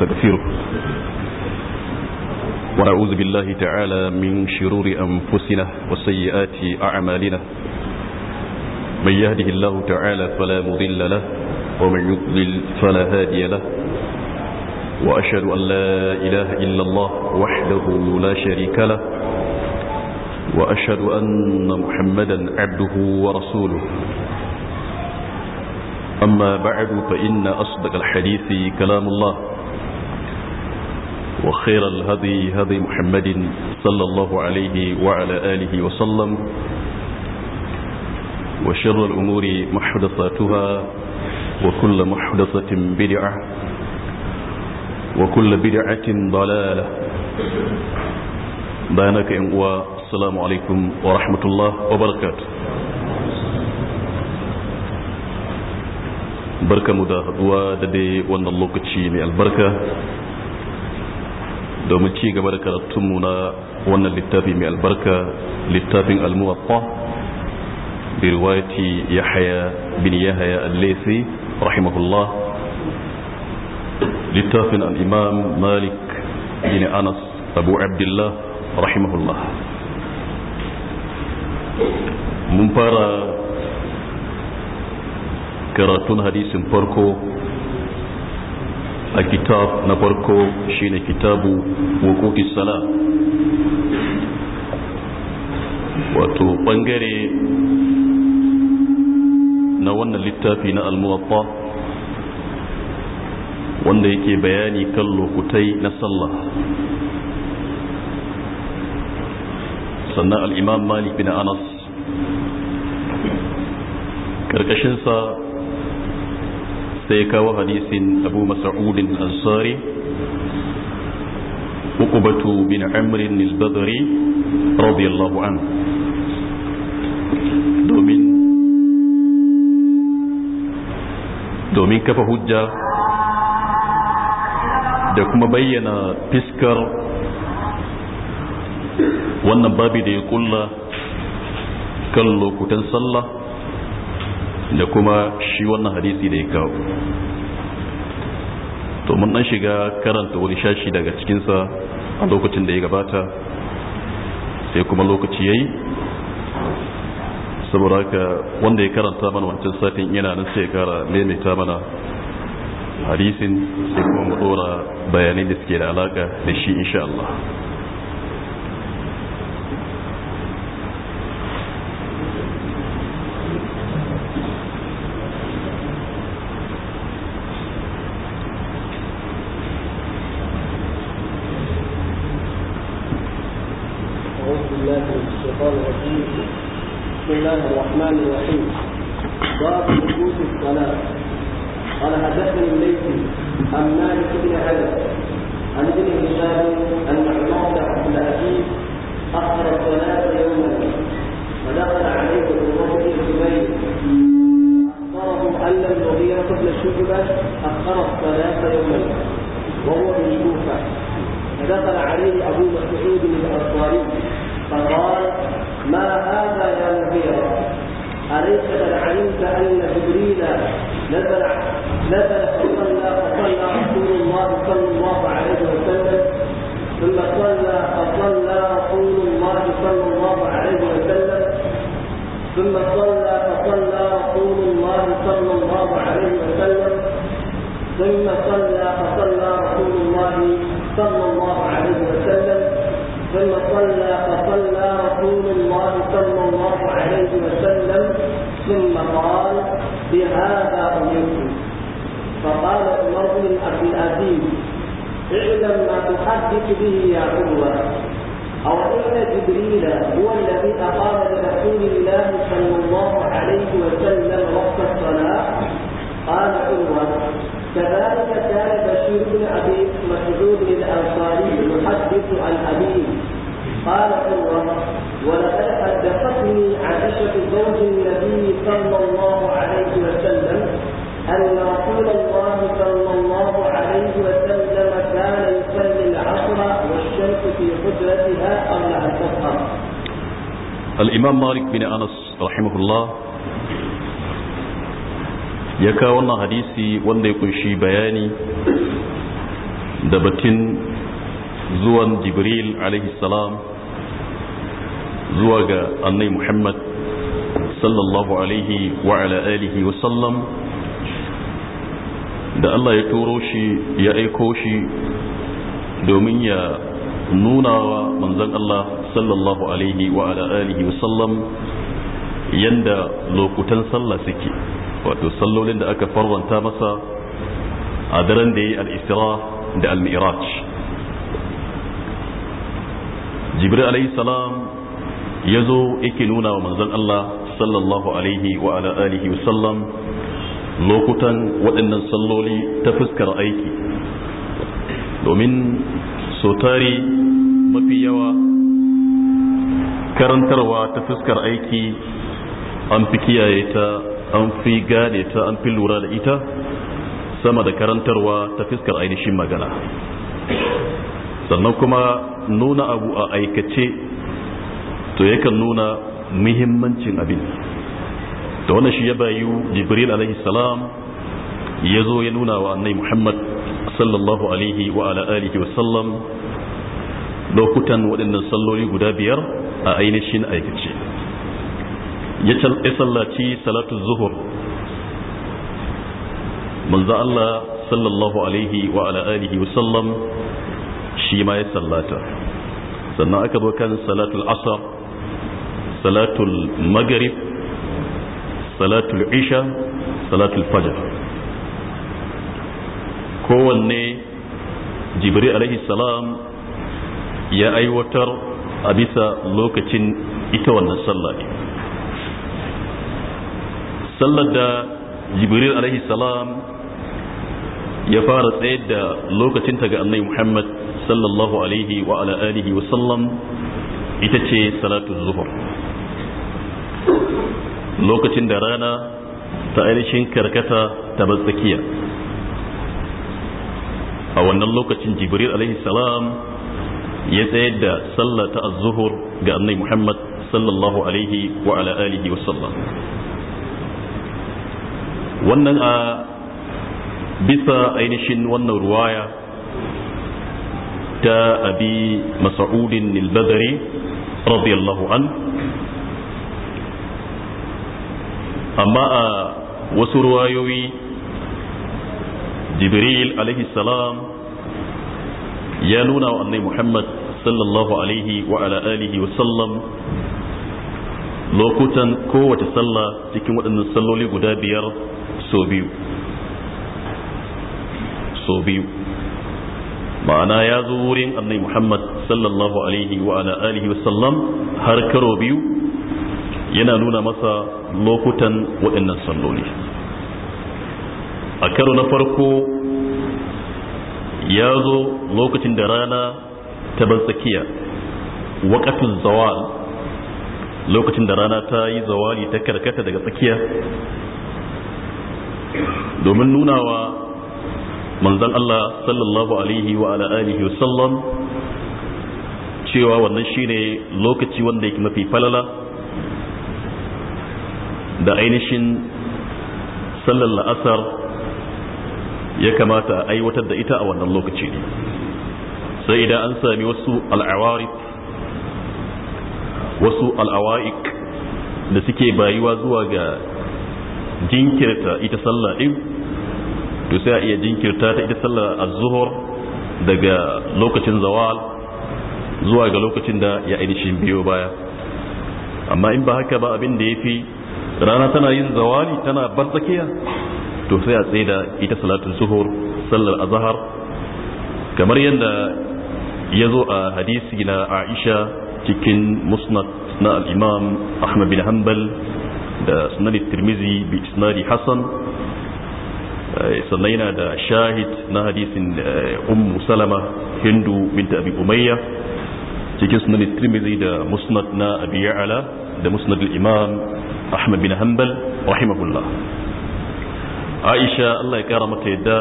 ونستغفره ونعوذ بالله تعالى من شرور أنفسنا وسيئات أعمالنا من يهده الله تعالى فلا مضل له ومن يضلل فلا هادي له وأشهد أن لا إله إلا الله وحده لا شريك له وأشهد أن محمدا عبده ورسوله أما بعد فإن أصدق الحديث كلام الله وخير الهدي هدي محمد صلى الله عليه وعلى آله وسلم وشر الأمور محدثاتها وكل محدثة بدعة وكل بدعة ضلالة بانك إنقوى السلام عليكم ورحمة الله وبركاته بركة مداهد وددي وأن اللوكتشي البركة domin ci gaba da karatunmu na wannan littafi mai albarka littafin almuwatta bi riwayati yahya bin yahya al-laysi rahimahullah littafin al-imam malik bin anas abu abdullah rahimahullah mun fara karatun hadisin farko a kitab na farko shine kitabu wukuki sala wato ɓangare na wannan littafi na almuwatta wanda yake bayani kan lokutai na sallah sannan al'imam malik bin anas ƙarƙashinsa sai kawo hadisin abu masa'udin ansari uqbatu bin amr al radiyallahu an domin domin kafa hujja da kuma bayyana fiskar wannan babi da ya kulla kan lokutan sallah da kuma shi wannan hadisi da ya kawo to mun dan shiga karanta wani shashi daga cikinsa a lokacin da ya gabata sai kuma lokaci ya saboda haka wanda ya karanta mana wancan satin yana nan sai ya kara maimaita mana hadisin sai kuma mu dora bayanai da suke da alaka da shi insha Allah بسم الله الرحمن الرحيم باب نصوص الصلاة قال حدثني الليث عن مالك بن انس عن ابن هشام ان عمر بن عبد العزيز اخر الصلاة يوما فدخل عليه عمر بن الزبير اخبره ان المغيرة بن شعبة اخر الصلاة يوما وهو بالكوفة فدخل عليه ابو مسعود الانصاري فقال ما هذا يا مغيرة أليس قد علمت أن جبريل نزل نزل فصلى فصلى رسول الله صلى الله عليه وسلم ثم صلى فصلى رسول الله صلى الله عليه وسلم ثم صلى فصلى رسول الله صلى الله عليه وسلم ثم صلى فصلى رسول الله صلى الله عليه وسلم ثم صلى فصلى رسول الله صلى الله عليه وسلم ثم قال بهذا امرت فقال عمر بن ابي العزيز اعلم ما تحدث به يا عروه او ان جبريل هو الذي اقام لرسول الله صلى الله عليه وسلم وقت الصلاه قال عروه كذلك كان بشير بن ابي مسعود الانصاري يحدث عن ابيه قال عمر ولقد حدثتني عائشه زوج النبي صلى الله عليه وسلم ان رسول الله صلى الله عليه وسلم كان يصلي العصر والشمس في قدرتها قبل ان تظهر الامام مالك بن انس رحمه الله ya kawo wannan hadisi wanda ya kunshi bayani da batun zuwan jibril salam zuwa ga annai muhammad sallallahu alaihi wa ala alihi wa sallam da allah ya turo shi ya aiko shi domin ya nuna wa manzan allah sallallahu alaihi wa ala alihi wa sallam yadda lokutan sallah suke wato sallolin da aka farwanta masa a daren da ya yi al'isra da al-mi'raj jibril alayhi salam ya zo yake nuna wa manzon Allah sallallahu alaihi wa ala alihi wa sallam lokutan waɗannan salloli ta fuskar aiki domin sotari mafi yawa karantarwa ta fuskar aiki an fi kiyaye ta an fi gane ta an fi lura da ita sama da karantarwa ta fiskar ainihin magana sannan kuma nuna abu a aikace to yakan nuna muhimmancin abin da wannan shi ya bayu jibril alaihi salam ya zo ya nuna wa annai muhammad sallallahu alaihi wa ala alihi wa sallam lokutan waɗannan salloli guda biyar a ainihin aikace ya sallaci salatu zuhur manzo Allah sallallahu alaihi wa ala alihi wa sallam shi ma ya sallata sannan aka zo kan salatul asr salatul maghrib salatul isha salatul fajr kowanne jibril alaihi salam ya aiwatar a bisa lokacin ita wannan sallah sallar da jibril alaihi salam ya fara tsayar da lokacinta ga annabi muhammad sallallahu alaihi wa ala alihi wa sallam ita ce salatu zuhur lokacin da rana ta ainihin karkata ta tsakiya a wannan lokacin jibril alaihi salam ya tsayar da sallah az-zuhur ga annabi muhammad sallallahu alaihi wa ala alihi wa sallam wannan a bisa ainihin wannan ruwaya ta abi mas'udin al radiyallahu an amma a wasu ruwayoyi jibril alaihi salam ya nuna wa annai muhammad sallallahu alaihi wa ala alihi wa sallam lokutan kowace sallah cikin waɗannan salloli guda biyar so biyu so biyu ma'ana ya zo wurin annai muhammad sallallahu alaihi wa ala alihi wa sallam har karo biyu yana nuna masa lokutan waɗannan salloli a karo na farko ya zo lokacin da rana ta ban tsakiya waƙatun zawal lokacin da rana ta yi zawali ta karkata daga tsakiya domin nunawa manzon Allah sallallahu alaihi wa ala wa sallam cewa wannan shine lokaci wanda yake mafi falala da ainihin sallar la'asar ya kamata a aiwatar da ita a wannan lokaci sai idan an sami wasu al'awarif wasu al'awa'ik da suke bayuwa zuwa ga jinkirta ita sallah din to sai a iya jinkirta ta ita sallah az-zuhur daga lokacin zawal zuwa ga lokacin da ya ainihin biyo baya amma in ba haka ba abin da ya fi rana tana yin zawali tana bar tsakiya to sai a tsaye da ita salatun zuhur sallar azhar kamar yadda ya zo a hadisi na aisha cikin musnad na al-imam ahmad bin hanbal da sunan tirmizi bi isnadi hasan eh, sannan yana da shahid na hadisin eh, ummu salama hindu binta abi umayya cikin sunan tirmizi da musnad na abi ya'ala da musnad al ahmad bin hanbal rahimahullah aisha Allah ya kara mata yadda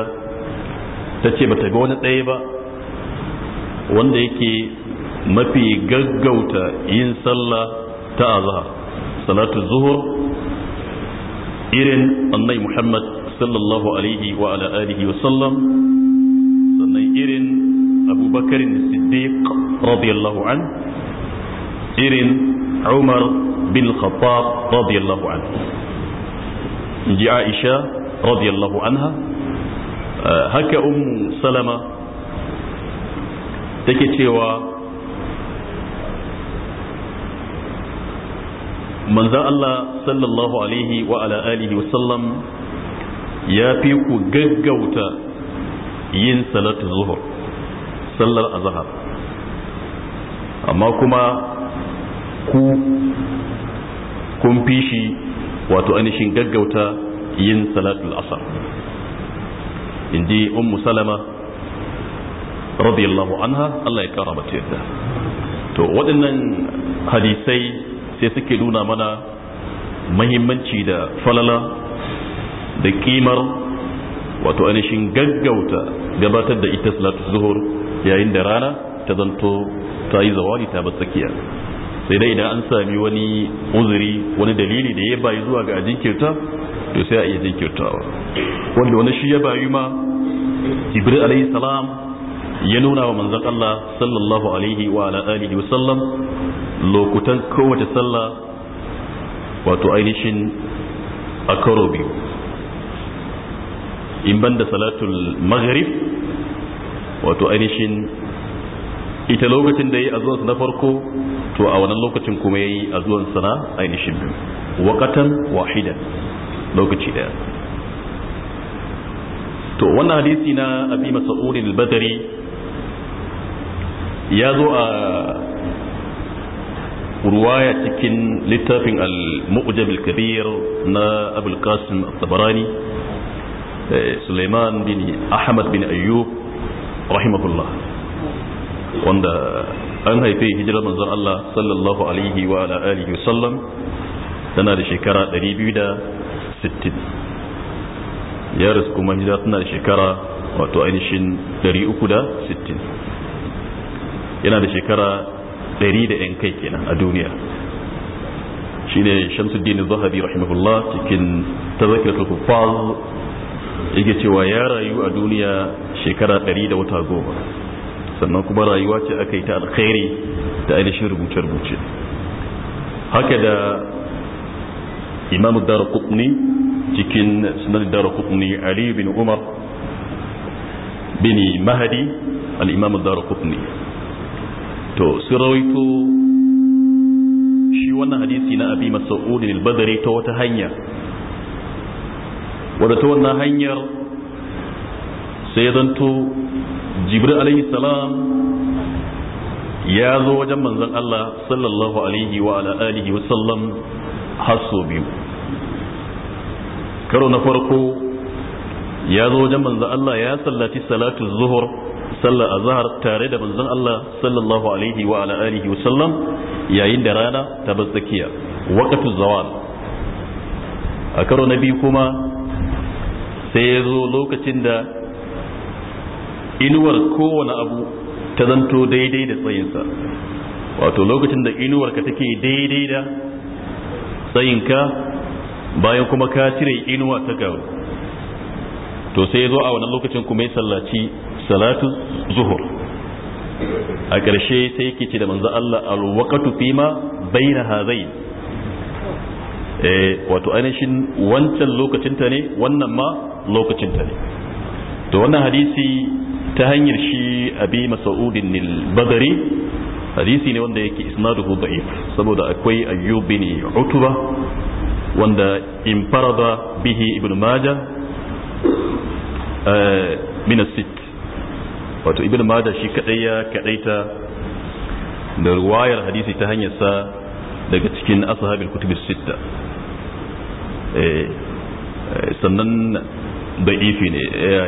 ta ce bata ga wani ɗaya ba wanda yake mafi gaggauta yin sallah ta azhar salatu zuhur irin annai muhammad sallallahu alaihi wa ala alihi wa sallam sannan irin abubakar siddiq radiyallahu an irin umar bin khattab radiyallahu an ji aisha radiyallahu anha eh, haka ummu salama take cewa manzan Allah sallallahu alaihi wa ala alihi wa sallam ya fi ku gaggauta yin salatu zuhur sallar azhar amma kuma ku kun fi shi wato ainihin gaggauta yin salatul asar in ummu salama radiyallahu anha Allah ya kara mata yadda to waɗannan hadisai sai suke nuna mana mahimmanci da falala da kimar wato ainihin gaggauta gabatar da ita salatu zuhur yayin da rana ta zanto ta yi zawali ta bar tsakiya sai dai idan an sami wani uzuri wani dalili da ya bayi zuwa ga jinkirta to sai a iya jinkirtawa wanda wani shi ya bayi ma jibril alaihi salam ya nuna wa manzon Allah sallallahu alaihi wa ala alihi wa sallam lokutan kowace sallah wato ainihin a karo biyu in ban da salatul maghrib wato ainihin ita lokacin da ya yi a zuwansa na farko to a wannan lokacin kuma ya yi a zuwansa na ainihin biyu wakatan wahidan lokaci daya to wannan hadisi na abi masa'urin al-badari ya zo a ruwaya cikin littafin al-mu'jam al-kabir na abul qasim Suleiman bin Ahmad bin Ayyub rahimahullah wanda an haife hijirar manzon Allah sallallahu alaihi wa ala alihi wasallam tana da shekara 260 ya rasu kuma hijira tana da shekara wato ainihin yana da shekara ɗari da yan kai kenan a duniya shine shamsuddin zahabi rahimahullah cikin tazakiratul kuffar yake cewa ya rayu a duniya shekara ɗari da wata goma sannan kuma rayuwa ce aka yi ta alkhairi da ainihin rubuce-rubuce haka da imam dara kutni cikin sunan dara kutni ali bin umar bin mahadi al-imam dara kutni to su rawaito shi wannan hadisi na abi mas'udin al-badri ta wata hanya wadda ta wannan hanyar sai ya zanto jibril alaihi salam ya zo wajen manzon Allah sallallahu alaihi wa ala alihi wa sallam hasso biyu karo na farko ya zo wajen manzon Allah ya sallaci salatu zuhur sallar azhar tare da manzon Allah sallallahu alaihi wa ala alihi wa sallam yayin da rana ta bazzakiya waqtu zawal a karo na biyu kuma sai ya zo lokacin da inuwar kowane abu ta zanto daidai da tsayinsa wato lokacin da inuwarka take daidai da tsayinka bayan kuma ka cire inuwa ta garu to sai ya zo a wannan lokacin kuma ya sallaci salatu zuhur a ƙarshe sai ki ce da manzo Allah alwaqatu fima baina hazain eh wato ainihin wancan lokacinta ne wannan ma lokacinta ne to wannan hadisi ta hanyar shi abi mas'udin al-badri hadisi ne wanda yake isnaduhu da'if saboda akwai ayyub bin utba wanda infarada bihi ibn majah eh, min as-sitt wato ibn mada shi kadai ya kadaita da ruwayar hadisi ta hanyar sa daga cikin ashabul kutub sitta sannan da'ifi ne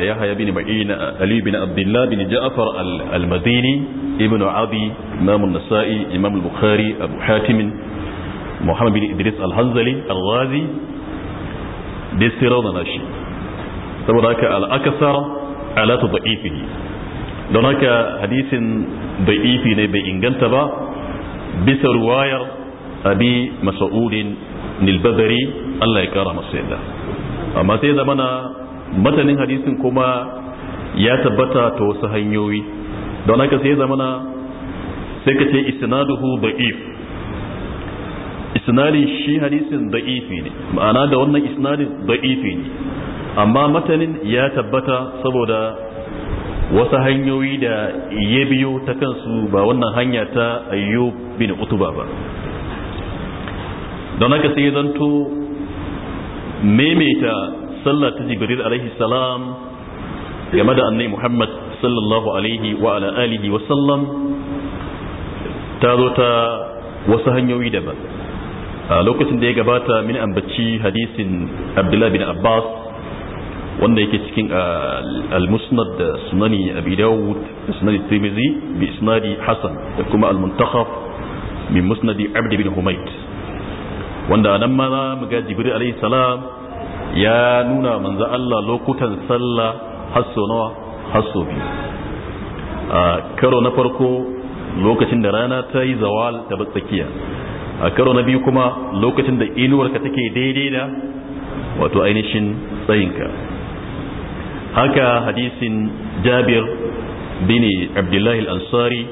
ya haya bin ma'in ali bin abdullah bin ja'far al-madini ibn abi imam an-nasa'i imam al-bukhari abu hatim muhammad bin idris al-hanzali al-ghazi da sirrana shi saboda haka al-akasar ala tadaifihi don haka hadisin bai ifi ne bai inganta ba bisa ruwayar abi masa'udin nilbazari Allah ya kara masa yadda amma sai zamana matanin hadisin kuma ya tabbata ta wasu hanyoyi don haka sai zamana sai ka ce isnaduhu da'if isnadin shi hadisin da'ifi ne ma'ana da wannan isnadin da'ifi ne amma matanin ya tabbata saboda wasu hanyoyi da ya biyo ta kansu ba wannan hanya ta ayyub bin utuba ba don haka sai zanto maimaita sallah ta jibril alaihi salam game da annai muhammad sallallahu alaihi wa ala alihi wa sallam ta zo ta wasu hanyoyi daban a lokacin da ya gabata min ambaci hadisin abdullahi bin abbas wanda yake cikin ah, al-musnad da sunani abi dawud da sunani tirmidhi bi isnadi hasan da kuma al muntakhaf min musnadi abd bin humayd wanda nan ma mu ga jibril alayhi salam ya nuna manzo Allah lokutan sallah hasso nawa hasso biyu ah, karo na farko lokacin da rana ta yi zawal ta tsakiya a karo na biyu kuma lokacin da inuwarka take daidai da wato ainihin tsayinka haka hadisin jabir bin abdullahi al-ansari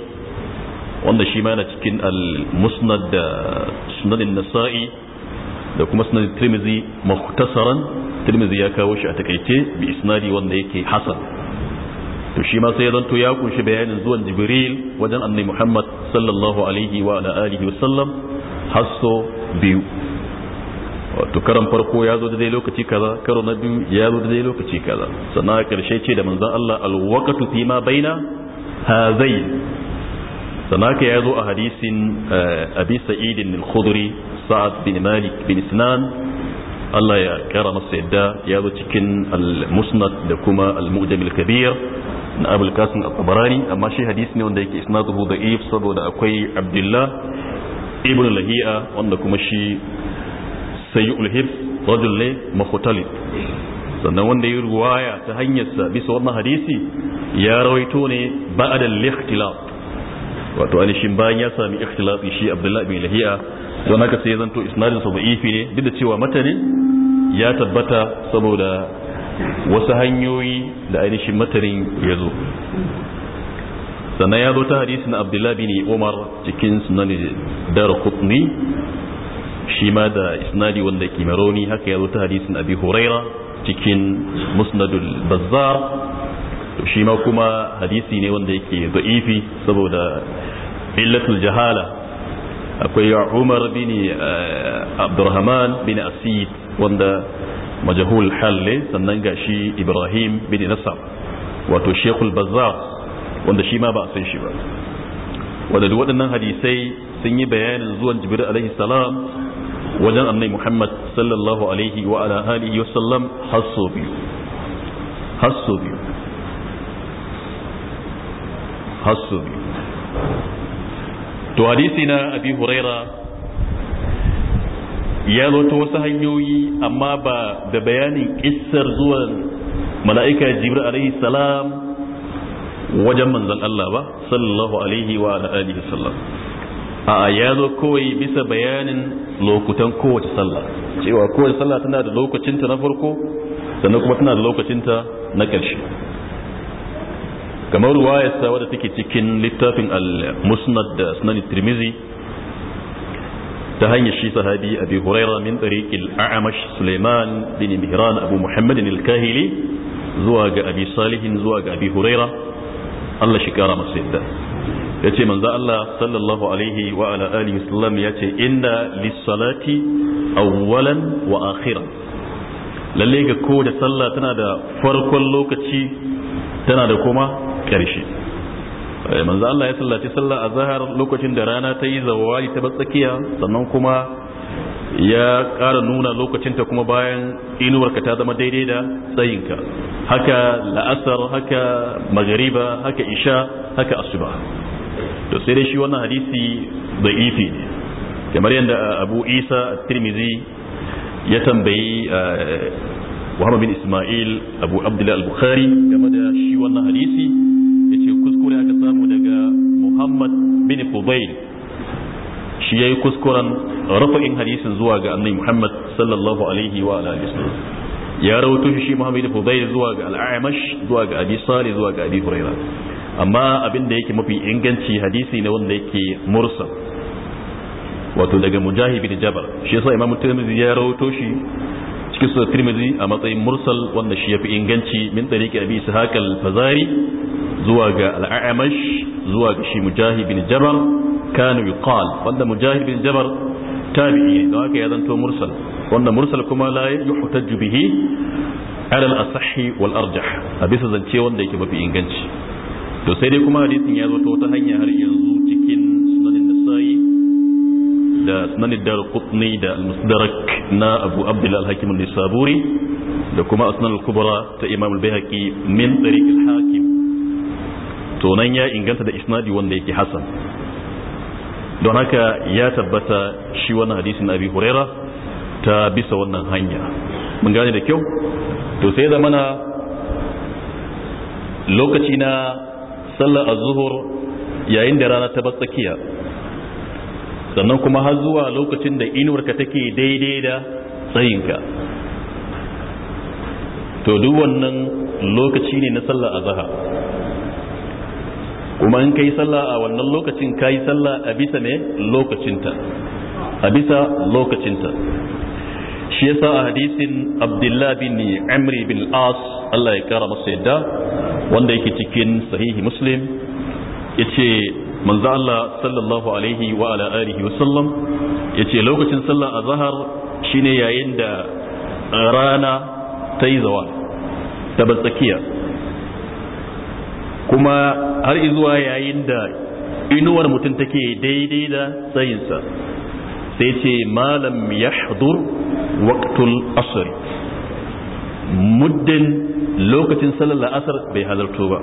wanda shi ma cikin al da sunanin nasa'i da kuma sunan tirmizi muhtasaran tirmizi ya kawo shi a takaice bi isnadi wanda yake Hassan. to shi ma sai ya zanto ya kunshi bayanin zuwan jibril wajen annabi muhammad sallallahu alaihi wa ala wa sallam hasso biyu wato karan farko ya zo daidai lokaci kaza karo na biyu ya zo daidai lokaci kaza sannan a ƙarshe ce da manzon Allah alwakatu fi ma baina hazai sannan ka ya zo a hadisin eh, abi sa'idin al-khudri sa'ad bin malik bin sinan Allah ya kara masa yadda ya zo cikin al-musnad da kuma al-mu'jam al-kabir na abul qasim at-tabarani amma shi hadisi ne wanda yake isnaduhu da'if saboda akwai abdullah ibn lahiya wanda kuma shi sayi ulhib rajul ne makhutali sannan wanda ya ruwaya ta hanyarsa bisa wannan hadisi ya rawaito ne ba'da al-ikhtilaf wato shin bayan ya sami ikhtilafi shi abdullahi bin lahiya don haka sai zanto isnadin sa da'ifi ne duk da cewa matanin ya tabbata saboda wasu hanyoyi da ainihin matarin ya zo sannan ya zo ta hadisi na abdullahi bin umar cikin sunan da qutni shi ma da isnadi wanda ke maroni haka ya zo ta hadisin abi huraira cikin musnadul bazzar shi ma kuma hadisi ne wanda yake da'ifi saboda illatul jahala akwai umar bin eh, abdurrahman bin asid wanda majahul halle sannan ga shi ibrahim bin nasar wato shekul bazzar wanda shi ma ba a san shi ba wadda waɗannan hadisai sun yi bayanin zuwan jibril alaihi salam wajen annai muhammad sallallahu alaihi wa ala alihi wa sallam hasso biyu hasso biyu hasso biyu to hadisi na abi huraira ya zo ta wasu hanyoyi amma ba da bayanin kissar zuwan mala'ika jibril alaihi salam wajen manzon Allah ba sallallahu alaihi wa alihi sallam a ya zo kawai bisa bayanin lokutan kowace sallah cewa kowace sallah tana da lokacinta na farko sannan kuma tana da lokacinta na ƙarshe kamar ruwayarsa wadda take cikin littafin al-musnad da sunan tirmizi ta hanyar shi sahabi abi huraira min tariqil a'mash suleiman bin mihran abu muhammadin al-kahili zuwa ga abi salihin zuwa ga abi huraira Allah shi kara masa yadda ya ce manzo Allah sallallahu alaihi wa ala alihi wasallam ya ce inna lissalati awwalan wa akhira lalle ga ko da sallah tana da farkon lokaci tana da kuma ƙarshe eh, manzo Allah ya sallaci sallah a zahar lokacin da rana ta yi zawali ta batsakiya sannan kuma ya ƙara nuna lokacinta kuma bayan inuwarka ta zama daidai da tsayinka haka la'asar haka magariba haka isha haka asuba to sai dai shi wannan hadisi da ifi kamar yadda uh, abu isa tirmizi ya tambayi uh, muhammad bin ismail abu abdullahi al-bukhari game da shi wannan hadisi ya ce kuskure aka samu daga muhammad bin fubai shi ya yi kuskuren rafa'in hadisin zuwa ga annai muhammad sallallahu alaihi wa alihi wasallam ya rawato shi muhammad bin fudail zuwa ga al'amash zuwa ga abi salih zuwa ga abi huraira amma abin da yake mafi inganci hadisi ne wanda yake mursal wato daga mujahid bin jabal shi yasa imam tirmidhi ya rawato shi cikin sunan tirmidhi a matsayin mursal wanda shi yafi inganci min tariqi abi ishaq al-fazari zuwa ga al-a'mash zuwa ga shi mujahid bin jabal kanu yuqal wanda mujahid bin jabal tabi'i don haka ya zanto mursal wanda mursal kuma la yuhtajju bihi ala al-asahhi wal arjah a bisa zance wanda yake mafi inganci to sai dai kuma hadisin ya zo ta wata hanya har yanzu cikin sunanin nasa'i da sunanin dar qutni da al na abu abdullah al-hakim al nisaburi da kuma asnan al-kubra ta imam al bayhaqi min tariq al-hakim to nan ya inganta da isnadi wanda yake hasan don haka ya tabbata shi wannan hadisin abi huraira ta bisa wannan hanya mun gane da kyau to sai zamana lokaci na sallar azuhur yayin da rana ta tsakiya sannan kuma har zuwa lokacin da inuwarka take daidai da tsayinka to duk wannan lokaci ne na sallar azaha kuma in kai sallah a wannan lokacin kai sallah a bisa ne lokacinta a bisa lokacinta shi yasa a hadisin Abdullahi bin amri bin as Allah ya kara masa yadda wanda yake cikin sahihi muslim yace manzo Allah sallallahu alaihi wa ala alihi wa sallam ce lokacin sallar zahar shine yayin da rana ta yi zawa ta tsakiya kuma har zuwa yayin da inuwar mutum take daidai da tsayinsa sai ce malam ya yahdur waqtul asr muddin lokacin salar la'asar bai halarto ba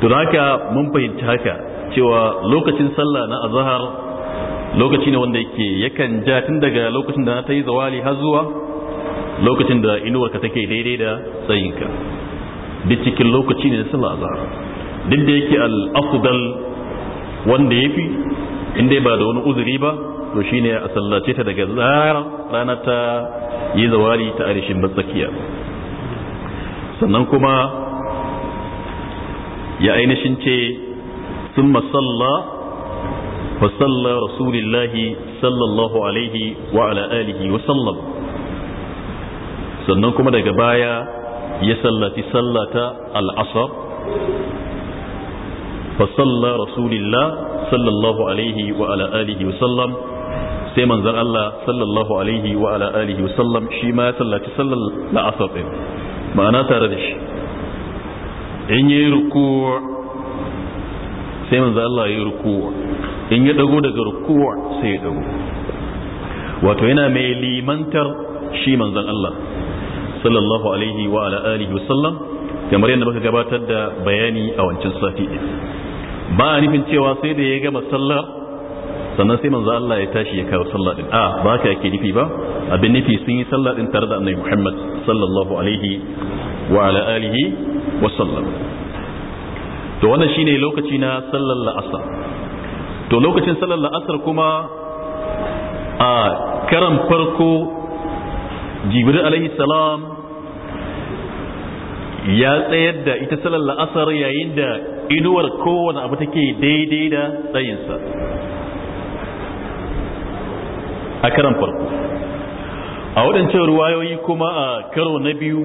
to haka mun fahimci haka cewa lokacin sallah na azhar lokaci ne wanda yake yakan ja tun daga lokacin da na ta yi zawali har zuwa lokacin da inuwarka take daidai da tsayinka duk cikin lokaci ne na sallah azhar duk da yake al-afdal wanda yafi in dai ba da wani uzuri ba to shine a sallace ta daga zarar rana ta yi zawari ta arishin batsakiya sannan kuma ya ainihin ce sun masalla wa salla rasulillahi sallallahu alaihi wa ala alihi wa sallam sannan kuma daga baya ya sallati sallata al'asar fa salla rasulillah sallallahu alaihi wa ala alihi wa sallam sai manzon Allah sallallahu alaihi wa ala alihi wa sallam shi ma ya sallaci sallar la'asar din ma'ana tare da shi in yi rukuwa sai manzon Allah ya yi rukuwa in ya dago daga rukuwa sai ya dago wato yana mai limantar shi manzon Allah sallallahu alaihi wa ala alihi wa sallam kamar yadda muka gabatar da bayani a wancan sati ba a nufin cewa sai da ya gama sallar sannan sai manzo Allah ya tashi ya kawo sallah din a ba ka yake nufi ba abin nufi sun yi sallah din tare da annabi Muhammad sallallahu alaihi wa ala alihi wa sallam to wannan shine lokaci na sallar la'asar to lokacin sallar la'asar kuma a karan farko jibril alaihi salam ya tsayar da ita sallar la'asar yayin da inuwar kowane abu take daidai da tsayinsa a karan farko a waɗancan ruwayoyi kuma a karo na biyu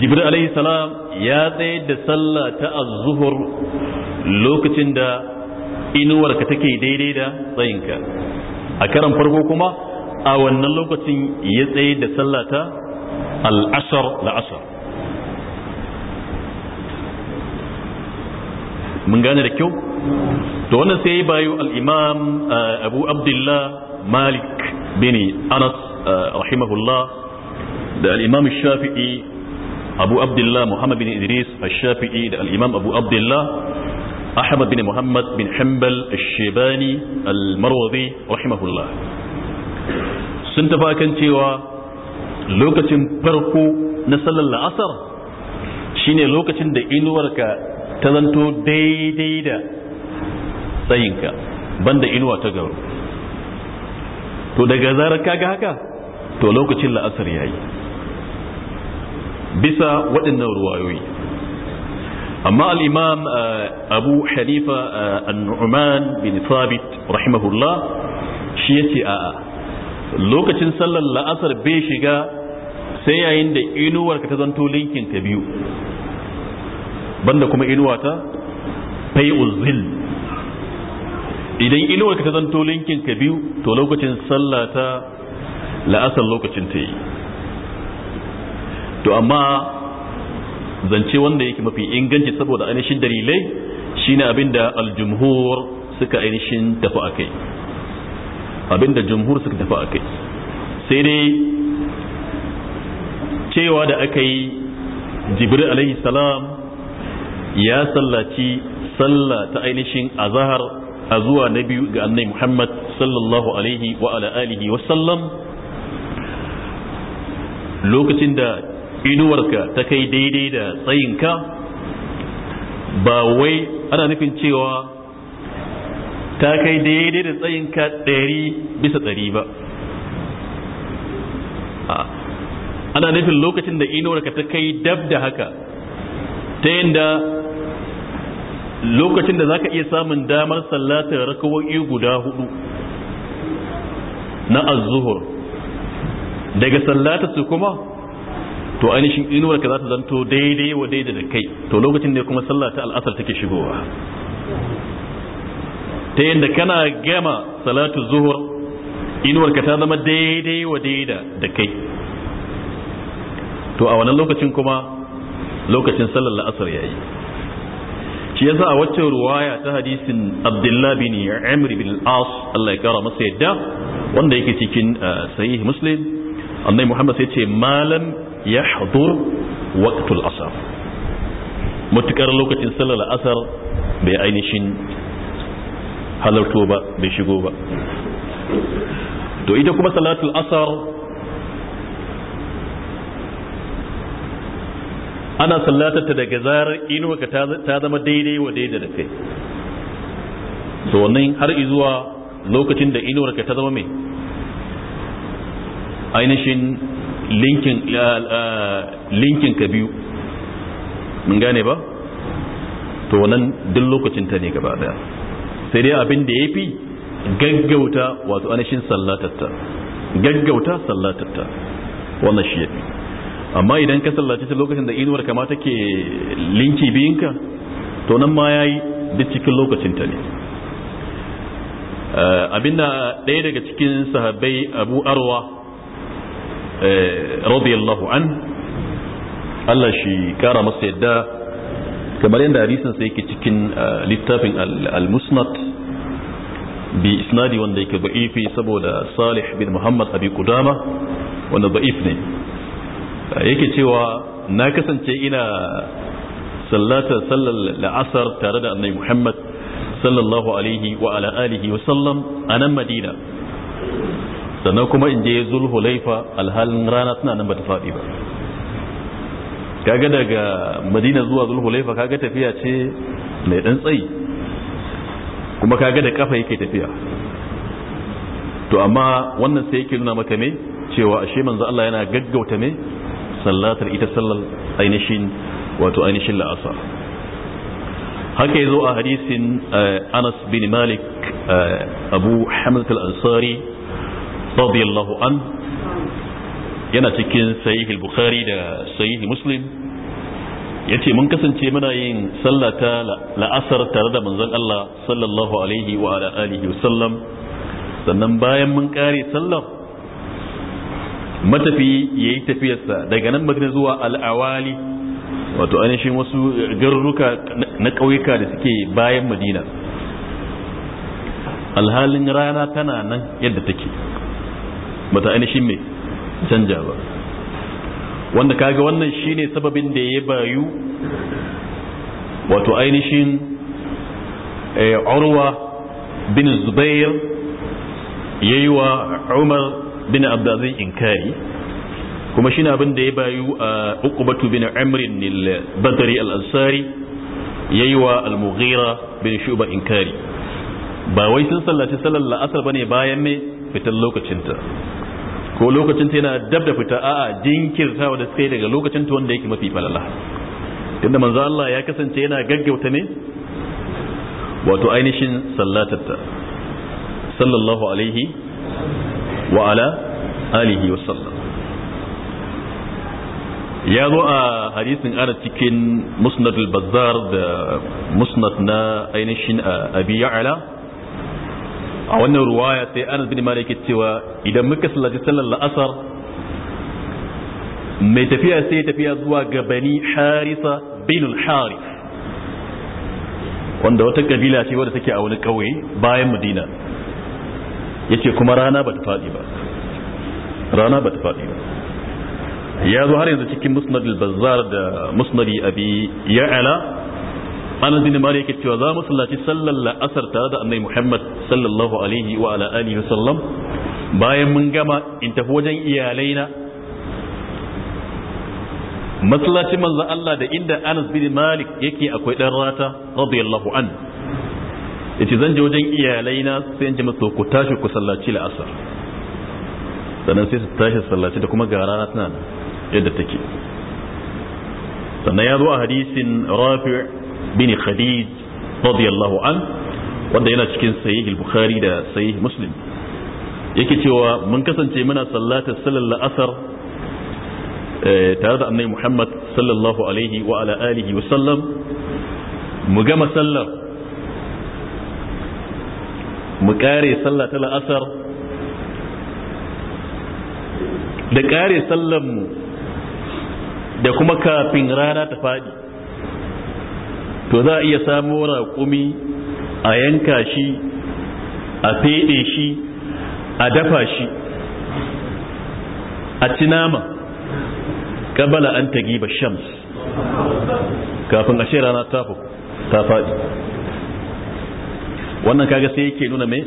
jibril alaihi salam ya tsaye da sallah ta azuhur lokacin da inuwarka take daidai da tsayinka a karan farko kuma a wannan lokacin ya tsaye da sallah ta al'ashar la'ashar mun gane da kyau to wannan sai ya bayo al-imam eh, abu abdullah malik bin anas eh, rahimahullah da al-imam shafi'i abu abdullah muhammad bin idris al-shafi'i da al-imam abu abdullah ahmad bin muhammad bin hanbal al-shibani al-marwazi rahimahullah sun tafi cewa lokacin farko na sallar la'asar shine lokacin da inuwarka ta zanto daidai da tsayinka banda inuwa ta gaba to daga zarar kaga haka to lokacin la'asar ya yi bisa waɗannan ruwayoyi amma al'imam uh, abu hanifa uh, annu'man bin sabit rahimahullah shi ya ce a'a lokacin sallar la'asar bai shiga sai yayin da inuwarka ta zanto linkin ka biyu banda kuma inuwa ta fai uzil idan inuwar ka ta zanto linkin ka biyu to lokacin sallah ta la'asar lokacin ta yi to amma zance wanda yake mafi inganci saboda ainihin dalilai shine abinda aljumhur suka ainihin tafi a kai abinda jumhur suka tafi a kai sai dai cewa da aka yi jibril alaihi salam ya sallaci salla ta ainihin azahar a zuwa na biyu ga annai muhammad sallallahu alaihi wa ala alihi wa sallam lokacin da inuwarka ta kai daidai da tsayinka ba wai ana nufin cewa ta kai daidai da tsayinka ɗari bisa ɗari ba ana nufin lokacin da inuwarka ta kai dab da haka ta yadda lokacin da za ka iya samun damar sallatar rakawoyi guda hudu na Azuhur, daga sallata su kuma to ainihin inuwar ka za ta zanto daidai wa daidai da kai to lokacin ne kuma sallata al'asar take shigowa ta yadda kana gama salatu zuhur inuwar ka ta zama daidai wa daidai da kai to a wannan lokacin kuma lokacin sallar la'asar yayi shi yasa a waccan ruwaya ta hadisin abdullahi bin amr bin al-as Allah ya kara masa yadda wanda yake cikin uh, sahih muslim annabi muhammad sai ce malam yahdur waqtul asar. mutukar lokacin sallar asar bai ainihin halarto ba bai shigo ba to ita kuma salatul asar ana sallatarta daga zarar inuwarka ta zama daidai wa daidai da kai to wannan har zuwa lokacin da inuwarka ta zama mai ainihin linkin ka biyu mun gane ba to wannan duk lokacin ta ne gaba daya sai dai abin da ya fi gaggauta wato ainihin sallatatta gaggauta sallatatta wannan shi ya fi amma idan ka sallaci ta lokacin da inuwar kamata ke linki biyinka to nan ma yayi duk cikin lokacin ta ne eh, abinda ɗaya daga cikin sahabbai abu arwa eh, radiyallahu an Allah shi kara masa yadda kamar yadda hadisin sai yake cikin eh, littafin al-musnad bi isnadi wanda yake ba'ifi saboda salih bin muhammad abi kudama wanda ba'if ne yake cewa na kasance ina sallata sallar la'asar tare da annabi muhammad sallallahu alaihi wa ala alihi wa sallam a nan madina sannan kuma in je zulhu laifa alhalin rana suna nan bata faɗi ba kaga daga madina zuwa zulhu laifa kaga tafiya ce mai ɗan tsayi kuma kaga da kafa yake tafiya to amma wannan sai yake nuna maka ne cewa ashe manzo Allah yana gaggauta ne sallatar ita sallar ainihin wato ainihin la'asa haka ya zo a hadisin eh, anas bin malik eh, abu hamzat al-ansari radiyallahu an yana cikin sahihul bukhari da sahihul muslim ya ce mun kasance muna yin sallata la'asar tare da manzon Allah sallallahu alaihi wa alihi wa sallam sannan bayan mun kare sallar Matafi ya yi tafiyarsa daga nan madina zuwa al'awali wato ainihin wasu garuruka na ƙauyuka da suke bayan madina alhalin rana tana nan yadda take bata ainihin mai canja ba wanda kaga wannan shine sababin da ya bayu wato ainihin eh, urwa bin zubair yi wa umar bin abda zai inkari kuma shi abin da ya bayu a ukubatu bin amrin nil Badari al ansari yayi wa al mughira bin shuba inkari ba wai sun sallaci sallar la'asar bane bayan me fitar lokacinta ko lokacinta yana dab da fita a'a jinkirta da suka yi daga lokacinta wanda yake mafi falala tunda manzo Allah ya kasance yana gaggauta ne wato ainihin sallatarta sallallahu alaihi wa ala alihi wa sallam ya zo a hadisin ana cikin musnad al-bazzar da musnad na ainihin abi ya'ala a wannan ruwaya sai ana bin malik cewa idan muka sallaci sallar la'asar mai tafiya sai tafiya zuwa ga bani harisa bin harif wanda wata kabila ce wadda take a wani kauye bayan madina yace kuma rana ba ta faɗi ba rana ba ta faɗi ba ya zo har yanzu cikin musnad al da musnadi abi ya'ala anas bin malik yake cewa za mu sallaci sallar la'asar tare da annabi muhammad sallallahu alaihi wa ala alihi wa sallam bayan mun gama in tafi wajen iyalaina masallacin manzon Allah da inda Anas bin Malik yake akwai dan rata radiyallahu an yace zan je wajen iyalai na sai in ji musu ku tashi ku sallaci la'asar sannan sai su tashi sallaci da kuma gara na tana yadda take sannan ya zo a hadisin rafi' bin khadij radiyallahu an wanda yana cikin sahih al-bukhari da sahih muslim yake cewa mun kasance muna sallatar sallar la'asar eh, tare da annai muhammad sallallahu alaihi wa ala alihi wa sallam mu gama sallar mu kare sallah ta la'asar da kare sallanmu da kuma kafin rana ta faɗi to za a iya samo raƙumi a yanka shi a feɗe shi a dafa shi a ci nama kabala an tagi ba shams kafin a rana ta faɗi wannan kaga sai yake nuna mai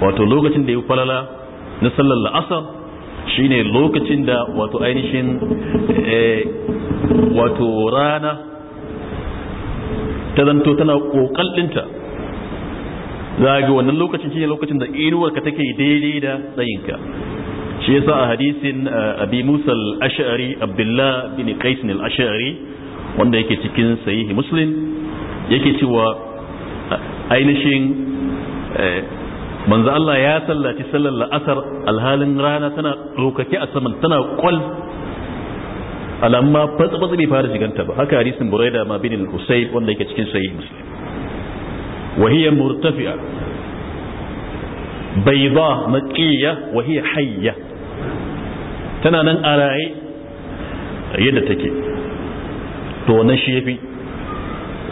wato lokacin da ya falala na sallar la'asar shine lokacin da wato ainihin eh, wato rana ta zanto tana kokallinta za a ga wannan lokacin shine lokacin da inuwarka take daidai da tsayinka shi yasa a hadisin eh, abi musa ashari abdullah bin qais al-ash'ari wanda yake cikin sahihi muslim yake cewa ainihin eh, manzo Allah ya sallaci sallar la'asar alhalin rana tana tsokake a saman tana kwal alamma fatsa fatsa bai fara shiganta ba haka hadisin buraida ma bin al wanda yake cikin sahih muslim wa hiya murtafi'a bayda maqiya wa hiya hayya tana nan a raye yadda take to wannan shi yafi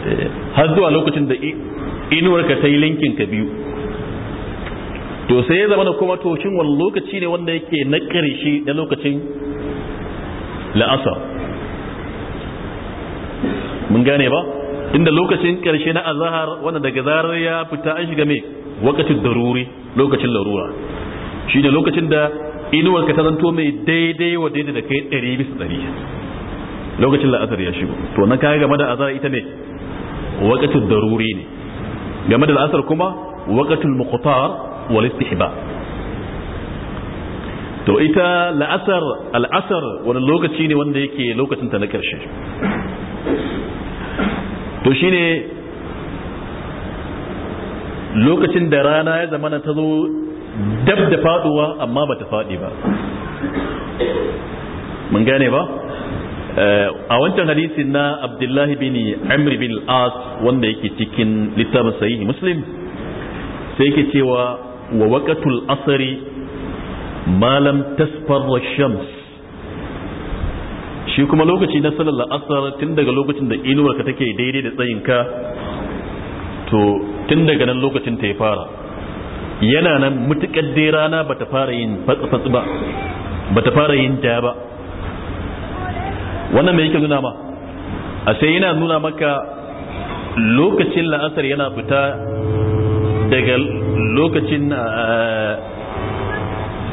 eh, har zuwa lokacin da inuwar ka ta yi linkin ka biyu to sai ya zama da kuma to shin wani lokaci ne wanda yake na ƙarshe da lokacin la'asar mun gane ba inda lokacin ƙarshe na azahar wanda daga zarar ya fita an shiga mai wakacin daruri lokacin larura shi ne lokacin da inuwar ka ta zanto mai daidai wa daidai da kai ɗari bisa ɗari lokacin la'asar ya shigo to na kaya game da azahar ita ne wakacin daruri ne game da la'asar kuma waqatul muqtar wal istihba to ita la'asar al'asar wani lokaci ne wanda yake lokacin ta na karshe to shine lokacin da rana ya zamana ta zo dab da faduwa amma ba ta faɗi ba mun gane ba Eh, a wancan hadisi na abdullahi bin amr bin as wanda yake cikin littafin sahihi muslim sai yake cewa wa waqatul asri ma lam tasfar shams shi kuma lokaci na sallar asar tun daga lokacin da inuwar ka take daidai da tsayinka to tun daga nan lokacin ta ya fara yana nan mutukar dai rana bata fara yin fatsi ba bata fara yin ja ba wannan mai yake nuna ma a sai yana nuna maka lokacin la'asar yana fita daga lokacin eh,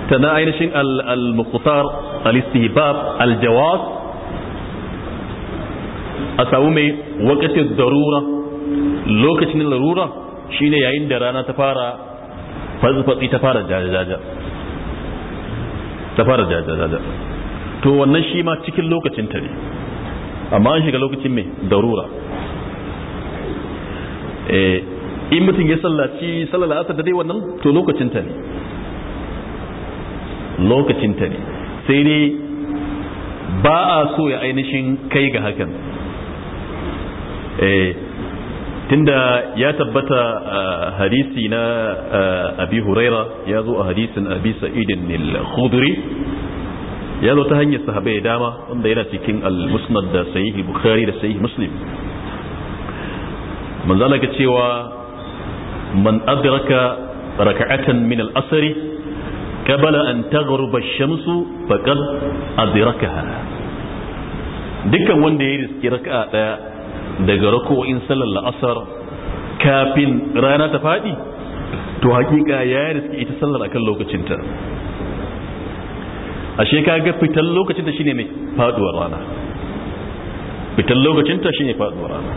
ta na ainihin al-muqtar al-istihbab al-jawaz a samu mai wakacin darura lokacin larura shine yayin da rana ta fara fatsi ta fara jajajaja ta fara jajajaja to wannan shi ma cikin lokacin ta ne amma an shiga lokacin mai darura eh, in mutum ya sallaci sallar asar da dai wannan to lokacin ta ne lokacin ta ne sai dai ba a so ya ainihin kai ga hakan eh, tunda ya tabbata hadisi na eh, abi huraira ya zo a hadisin abi sa'idin al-khudri ya zo ta hanyar sahabai dama wanda yana cikin al-musnad da sahihi bukhari da sahihi muslim manzala ka cewa man adraka raka'atan min al-asri kabala an taghruba ash-shamsu faqad adrakaha dukkan wanda ya riski raka'a daya daga rako'in sallar la'asar kafin rana ta fadi to hakika ya riski ita sallar akan lokacinta ashe ka ga fitan lokacin ta shine mai faduwar rana fitan lokacin ta shine faduwar rana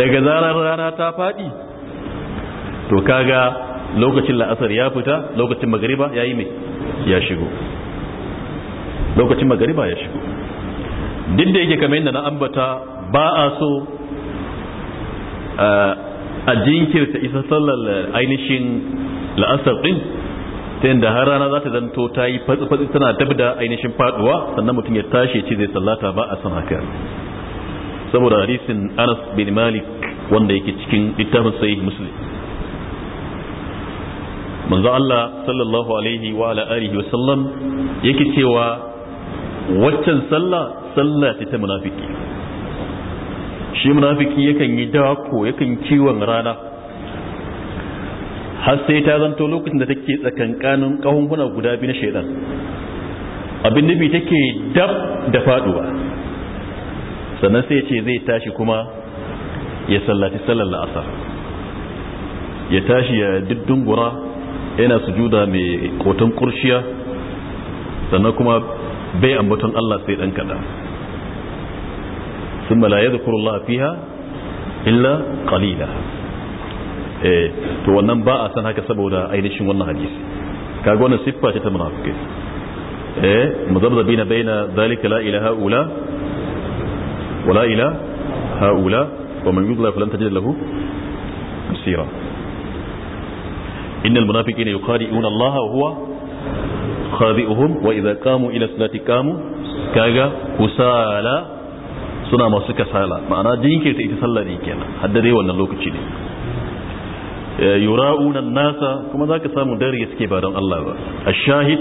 daga zarar rana ta fadi to kaga lokacin la'asar ya fita lokacin magariba yayi mai ya shigo lokacin magariba ya shigo duk da yake kamar yadda na ambata ba a so eh, a jinkirta isa sallar ainihin la'asar din ta yadda har rana za ta zanto ta yi fatsi tana dab da ainihin faduwa sannan mutum ya tashi ce zai sallata ba a san haka saboda hadisin anas bin malik wanda yake cikin littafin sai Musulmi. manzo Allah sallallahu alaihi wa ala alihi wa sallam yake cewa waccan sallah sallah ce ta munafiki shi munafiki yakan yi dako yakan kiwon rana har sai ta zanto lokacin da take tsakankanin kahunguna guda biyu na shaidan abin nufi take dab da faduwa sannan sai ce zai tashi kuma ya sallaci sallar la'asar ya tashi ya diddungura yana sujuda mai kotan kurshiya sannan kuma bai ambaton Allah sai dan kaɗan sun mala ya fiha illa qalila Eh, to wannan ba a san haka saboda ainihin wannan hadisi kaga wannan siffa ce ta munafikai eh muzabzabina baina zalika la ilaha ula wala ila haula wa man yudla falan tajid lahu basira innal munafiqina yuqadi'una allaha wa huwa khadi'uhum wa idza qamu ila salati qamu kaga kusala suna masu kasala ma'ana jinkirta ita sallah ne kenan wannan lokaci ne Eh, yura'una nasa kuma zaka samu dariya suke ba don Allah ba ash-shahid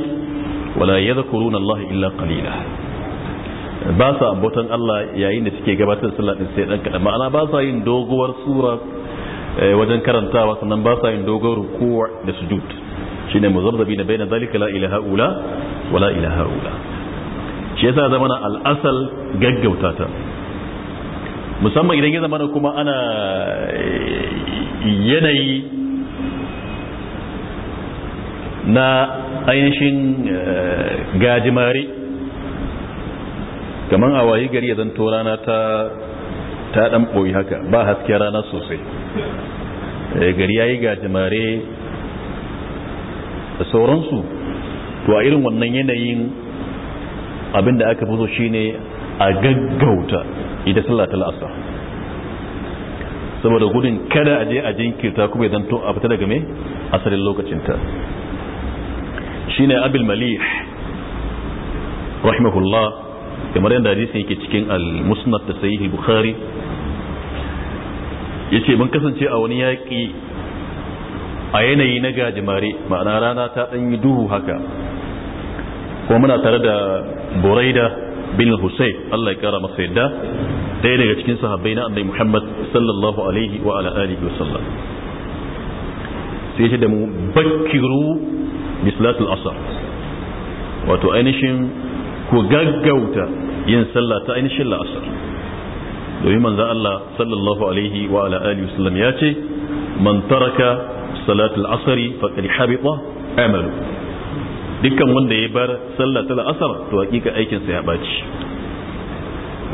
wala yadhkuruna Allah illa qalila ba sa ambaton Allah yayin da suke gabatar sallah din sai dan kada ma'ana ba sa yin doguwar sura eh, wajen karantawa sannan ba sa yin doguwar ruku' da sujud shine muzabzabi na baina zalika la ilaha ula wala ilaha ula shi yasa zamana al-asal gaggauta ta musamman idan ya zama kuma ana eh, yanayi na ainihin eh, gajimare kamar a wayi gari ya zanto rana ta ta dan boyi haka ba hasken rana sosai eh, gari ya yi gajimare da sauransu to a irin wannan yanayin abinda aka fi so shine a gaggauta ita sallah ta la'asar saboda gudun kada a je a jinkirta kuma idan to a fita daga me asalin lokacinta shine abil malih rahimahullah kamar yadda hadisin yake cikin al-musnad da sahih bukhari yace mun kasance a wani yaƙi a yanayi na gajimare ma'ana rana ta ɗan yi duhu haka kuma muna tare da buraida bin hussein allah ya kara masa yadda ɗaya daga cikin sahabbai na annabi Muhammad sallallahu alaihi wa ala alihi wa sallam sai ce da mu bakiru bi salatul asr wato ainihin ku gaggauta yin sallah ta ainihin la'asar domin manzo Allah sallallahu alaihi wa ala alihi wa sallam ya ce man taraka salatul asri faqad habita amalu dukkan wanda ya bar sallah ta la'asar to hakika aikinsa ya ɓaci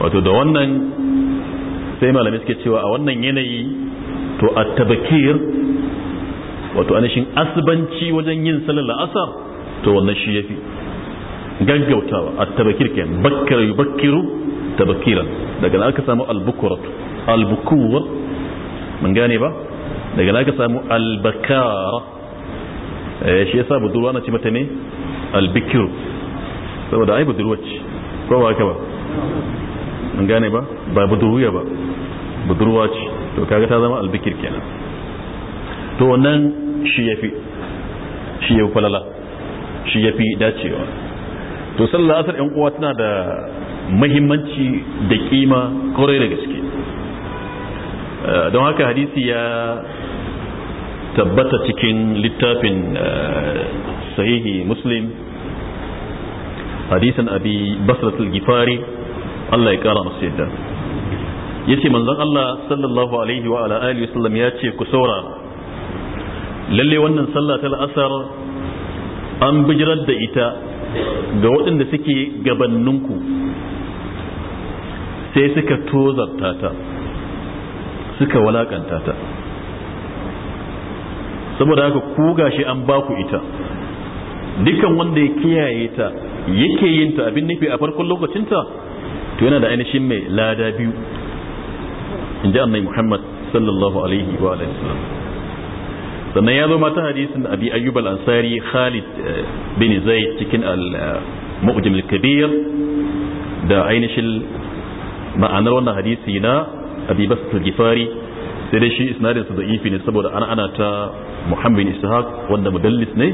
wato da wannan sai malami suke cewa a wannan yanayi to a tabakir wato anishin asibanci wajen yin sallar la'asar to wannan shi yafi gaggautawa a tabakir ke bakkar yi bakkiru tabakiran daga nan aka samu albukurat albukuwar mun gane ba daga nan aka samu albakara eh, shi yasa budurwa na ce mata ne albikiru saboda ai budurwa ce ko ba haka ba mun gane ba ba budurwa ba budurwa ce to kaga ta zama albikir kenan to wannan shi yafi shi yafi falala shi yafi dacewa to sallar asar yan uwa tana da mahimmanci da kima kwarai da gaske eh, don haka hadisi ya tabbata cikin littafin eh, sahihi muslim hadisan abi basratul gifari Allah ya kara masu yadda Ya ce manzon Allah sallallahu alaihi wa ala alihi sallam ya ce ku saura lalle wannan sallah ta asar an bijirar da ita ga waɗanda suke gabaninku sai suka tozarta ta suka walakanta ta saboda haka ku gashi an ku ita dukkan wanda ya kiyaye ta yake yin ta abin nufi a farkon lokacinta to yana da ainihin mai lada biyu in ji annai muhammad sallallahu alaihi wa alaihi sannan ya zo mata hadisin abi ayyub al-ansari khalid eh, bin zaid cikin al-mu'jam al-kabir da ainihin ma'anar wannan hadisi na abi basir gifari sai dai shi isnadin sa da'ifi ne saboda ana ana ta muhammad ishaq wanda mudallis ne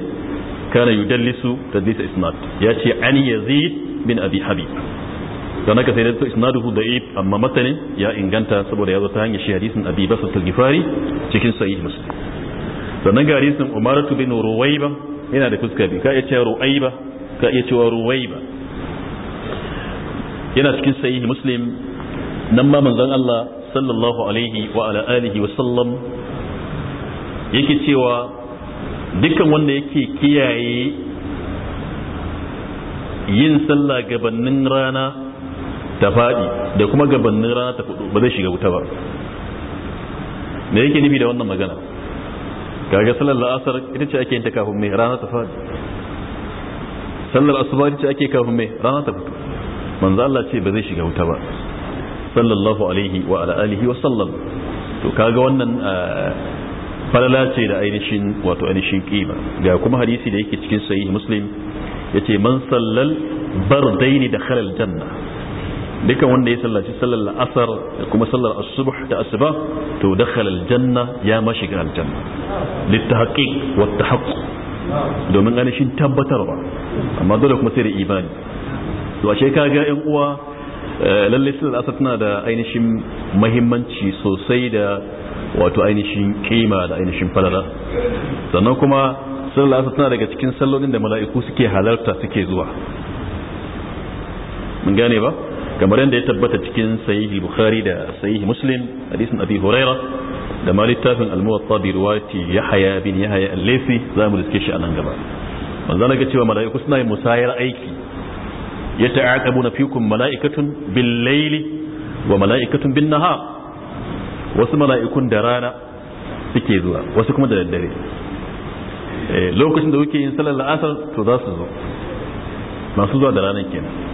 kana yudallisu tadlis isnad ya ce an yazid bin abi habib don haka sai da isnaduhu da da'if amma matanin ya inganta saboda ya zo ta hanyar shi hadisin abi basar al-gifari cikin sahih muslim sannan ga hadisin umaratu bin ruwayba yana da fuska bi ka iya cewa ruwayba ka iya cewa ruwayba yana cikin sahih muslim nan ma manzon Allah sallallahu alaihi wa ala alihi wa sallam yake cewa dukkan wanda yake kiyaye yin sallah gabanin rana ta faɗi da kuma gabanin rana ta kudu ba zai shiga wuta ba me yake nufi da wannan magana kaga sallar la'asar ita ce ake yin ta kafin mai rana ta faɗi sallar asuba ita ce ake kafin mai rana ta fito manzo Allah ce ba zai shiga wuta ba sallallahu alaihi wa ala alihi wa sallam to kaga wannan ah, falala ce da ainihin wato ainihin kima ga kuma hadisi da yake cikin sahih muslim yace man sallal bardaini da khalal janna dukan wanda ya sallaci sallar asar da kuma sallar asubuh da asuba to dakhala aljanna ya ma shiga aljanna litahqiq wa tahaqq domin ganin shin tabbatarwa amma dole kuma sai da imani to ashe kaga yan uwa eh, lalle sallar asar tana da ainihin muhimmanci sosai da wato ainihin kima da ainihin falala sannan kuma sallar asar tana daga cikin sallolin da mala'iku suke halarta suke zuwa mun gane ba kamar yadda ya tabbata cikin sahih bukhari da sahih muslim hadisin abi huraira da ma littafin al-muwatta bi riwayati yahya bin yahya al-laythi za mu riske shi a nan gaba manzo ga cewa mala'iku suna yin musayar aiki ya ta'aqabuna fikum mala'ikatun bil layli wa mala'ikatun bin nahar wasu mala'ikun da rana suke zuwa wasu kuma da daddare eh, lokacin da kuke yin salar la'asar to za su zo masu zuwa da ranar kenan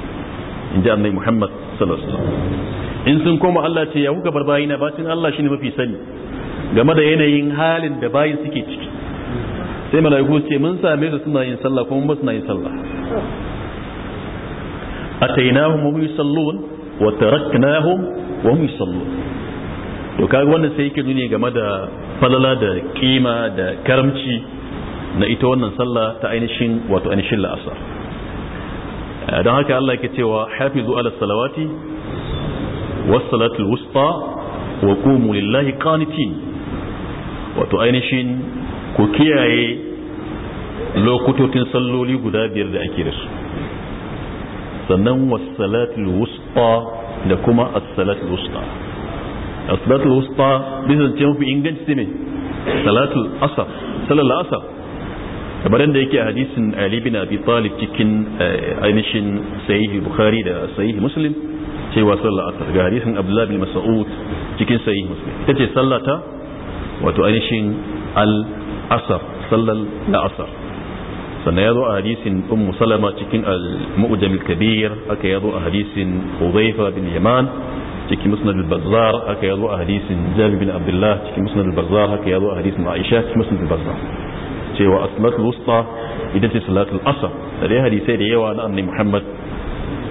in ji annai muhammad sallallahu alaihi in sun koma Allah ce ya kuka bar bayina tun Allah shine mafi sani game da yanayin halin da bayin suke ciki sai malaiku ce mun same su suna yin sallah kuma ba suna yin sallah atainahum hum yusallun wa taraknahum wa hum yusallun to kaga wannan sai yake nuni game da falala da kima da karamci na ita wannan sallah ta ainihin wato ainihin la'asar Eh, don haka Allah yake cewa hafizu ala salawati was salatul wusta wa qumu lillahi qanitin wato ainihin ku kiyaye lokutotin salloli guda biyar da ake da su sannan was salatul wusta da kuma as salatul wusta as wusta bisa ce mafi inganci ne salatu asar asar kamar yadda yake a hadisin Ali bin Abi Talib cikin ainihin sahihi Bukhari da sahihi Muslim cewa sallah asar ga hadisin Abdullah bin Mas'ud cikin sahihi Muslim tace sallata wato ainihin al-asr sallal al-asr sannan yazo a hadisin ummu salama cikin al-mu'jam al-kabir aka yazo a hadisin hudhaifa bin yaman cikin musnad al-bazzar aka yazo a hadisin jabir bin abdullah cikin musnad al-bazzar aka yazo a hadisin aisha cikin musnad al-bazzar cewa salatul wusta ita ce salatul asa da dai hadisai da yawa na annabi Muhammad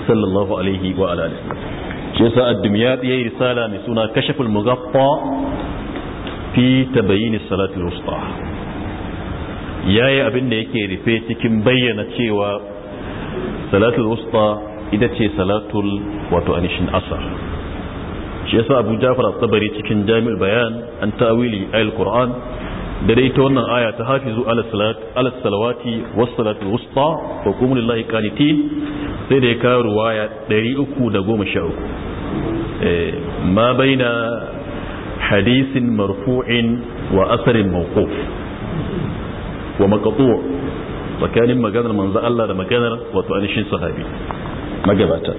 sallallahu alaihi wa alihi shi yasa ad-dumyati risala mai suna kashaful mughaffa fi tabayyin salatul wusta yayi abin da yake rufe cikin bayyana cewa salatul wusta ita ce salatul wato anishin asar shi yasa abu jafar tabari cikin jami'ul bayan an tawili ayil qur'an da dai ta wannan aya ta hafizu ala salawati wasu salatu wusta wa qumu lillahi qanitin sai da ya kawo ruwaya 313 eh, ma baina hadisin marfu'in wa asarin mawquf wa maqtu' tsakanin maganar manzo Allah da maganar wato anishin sahabi magabata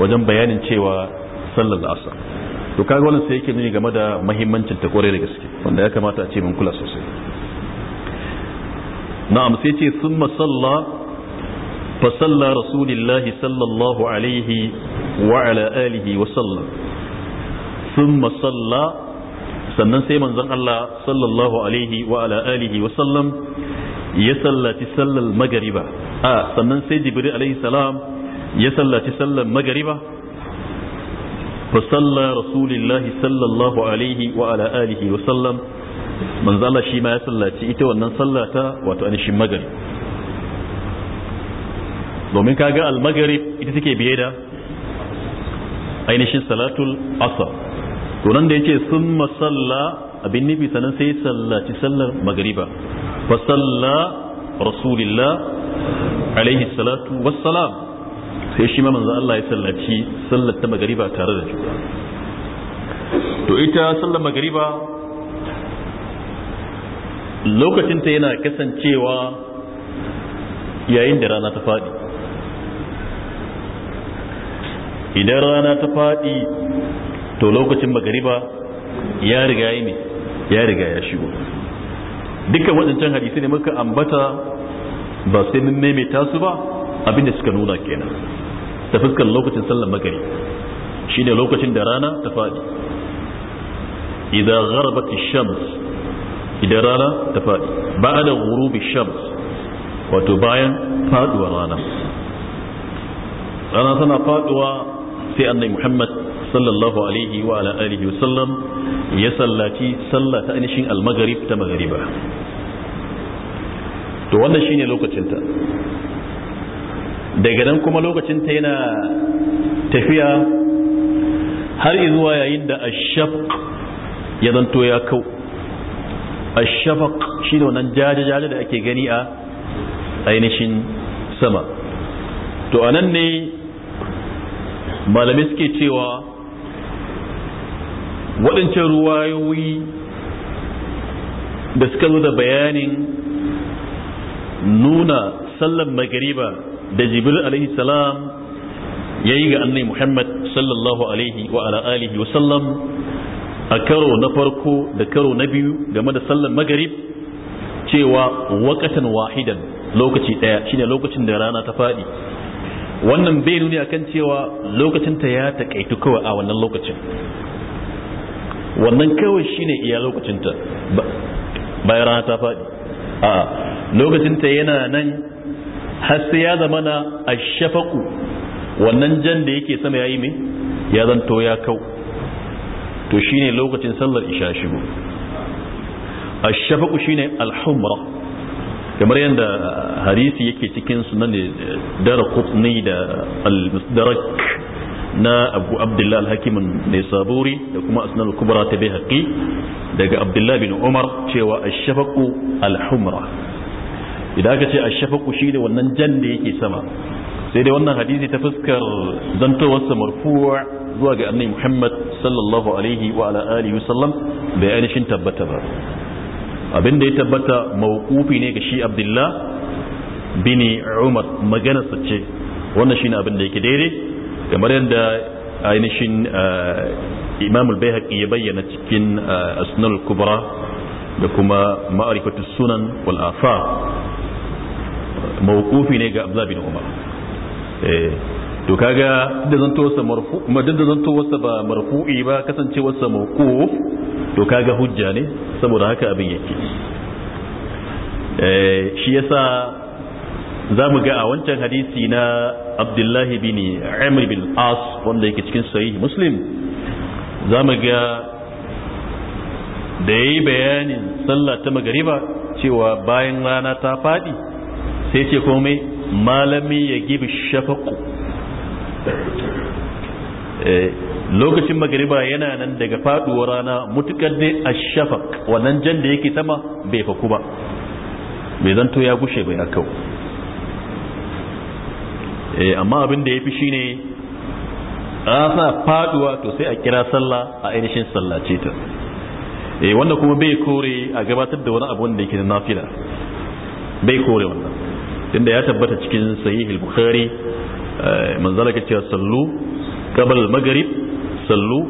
wajen bayanin cewa sallar asar to kaga wannan sai yake nuni game da muhimmancin ta kware da gaske wanda ya kamata a ce mun kula sosai na'am sai ce sun masalla fa salla rasulillahi sallallahu alaihi wa ala alihi wa sallam sun masalla sannan sai manzon Allah sallallahu alaihi wa ala alihi wa sallam ya sallaci sallar magariba a sannan sai jibril alaihi salam ya sallaci sallar magariba فصلى رسول الله صلى الله عليه وعلى آله وسلم من ذا شي ما يصلى wannan sallah ta wato an shin domin kaga al magrib ita take biye da ainihin salatul asr to nan da yace sun salla abin nabi sanan sai sallaci sallar magriba fa rasulillah alaihi salatu sai shi ma manzo Allah ya sallaci sallar ta magariba tare da juna to ita sallar magariba lokacinta yana kasancewa yayin da rana ta faɗi idan rana ta faɗi to lokacin magariba ya riga yi ne ya riga ya shigo dukkan waɗancan hadisi ne muka ambata ba sai mun maimaita su ba abinda suka nuna kenan ta fuskar lokacin sallar magari shi ne lokacin da rana ta faɗi idan gharbati shams idan rana ta faɗi ba da ghurubi shams wato bayan faduwar rana rana tana faduwa sai annabi muhammad sallallahu alaihi wa ala wasallam ya sallaci sallah ta ainihin almagarib ta magariba to wannan shine lokacinta daga nan kuma lokacin ta yana tafiya har zuwa yayin da ashafaq ya zanto ya kau ashafaq shi ne wannan jaje-jaje da ake gani a ainihin sama to a nan ne malamai suke cewa waɗancan ruwayoyi da suka zo da bayanin nuna sallan magariba da jibril alaihi salam yi ga annabi muhammad sallallahu alaihi wa ala alihi wa sallam a karo na farko da karo na biyu game da sallar magarib cewa wakatan wahidan lokaci daya shine lokacin da rana ta faɗi wannan bai nuni akan cewa lokacinta ya takaitu kawai a wannan lokacin wannan kawai shine iya lokacinta bayan rana ta faɗi a lokacinta yana nan har sai ya zama na shafaku wannan jan da yake sama yayi mai ya zanto ya kau to shi ne lokacin sallar isha shigo a shi ne alhumra kamar yadda hadisi yake cikin sunan da dara kutni da al na abu abdullahi alhakimin hakim ne saburi da kuma asnal kubra ta bai haƙi daga abdullahi bin umar cewa shafaku alhumra idan aka ce a shafaku shi da wannan jan da yake sama sai dai wannan hadisi ta fuskar zantowarsa marfuwa zuwa ga annabi muhammad sallallahu alaihi wa ala alihi wasallam bai ainihin tabbata ba abin da ya tabbata mawqufi ne ga shi abdullah bin umar magana sace wannan shine abin da yake daidai kamar yadda ainihin eh, imam al-bayhaqi ya bayyana cikin eh, asnal kubra da kuma ma'arifatu sunan wal afa mawqufi ne ga abdullahi bin Umar eh, to kaga da zanto wasa marfu kuma da zanto wasa ba marfu'i ba kasance wasa mawquf to kaga hujja ne saboda haka abin yake eh, shi yasa za mu ga a wancan hadisi na abdullahi bin amr bin as wanda yake cikin sahih muslim za mu ga da ya yi bayanin sallah ta magariba cewa bayan rana ta faɗi sai ce komai malami ya gibi shafaku eh, lokacin magariba yana nan daga faduwar rana mutukar ne a shafak wannan jan da yake sama bai faku ba bai zanto ya gushe bai akau eh, amma abin da ya fi shine sa faduwa to sai a kira sallah a ainihin sallah ce ta eh, wanda kuma bai kore a gabatar da wani abu wanda yake na nafila bai kore wannan tunda ya tabbata cikin sahih al-bukhari eh, manzala ka cewa sallu qabl al-maghrib sallu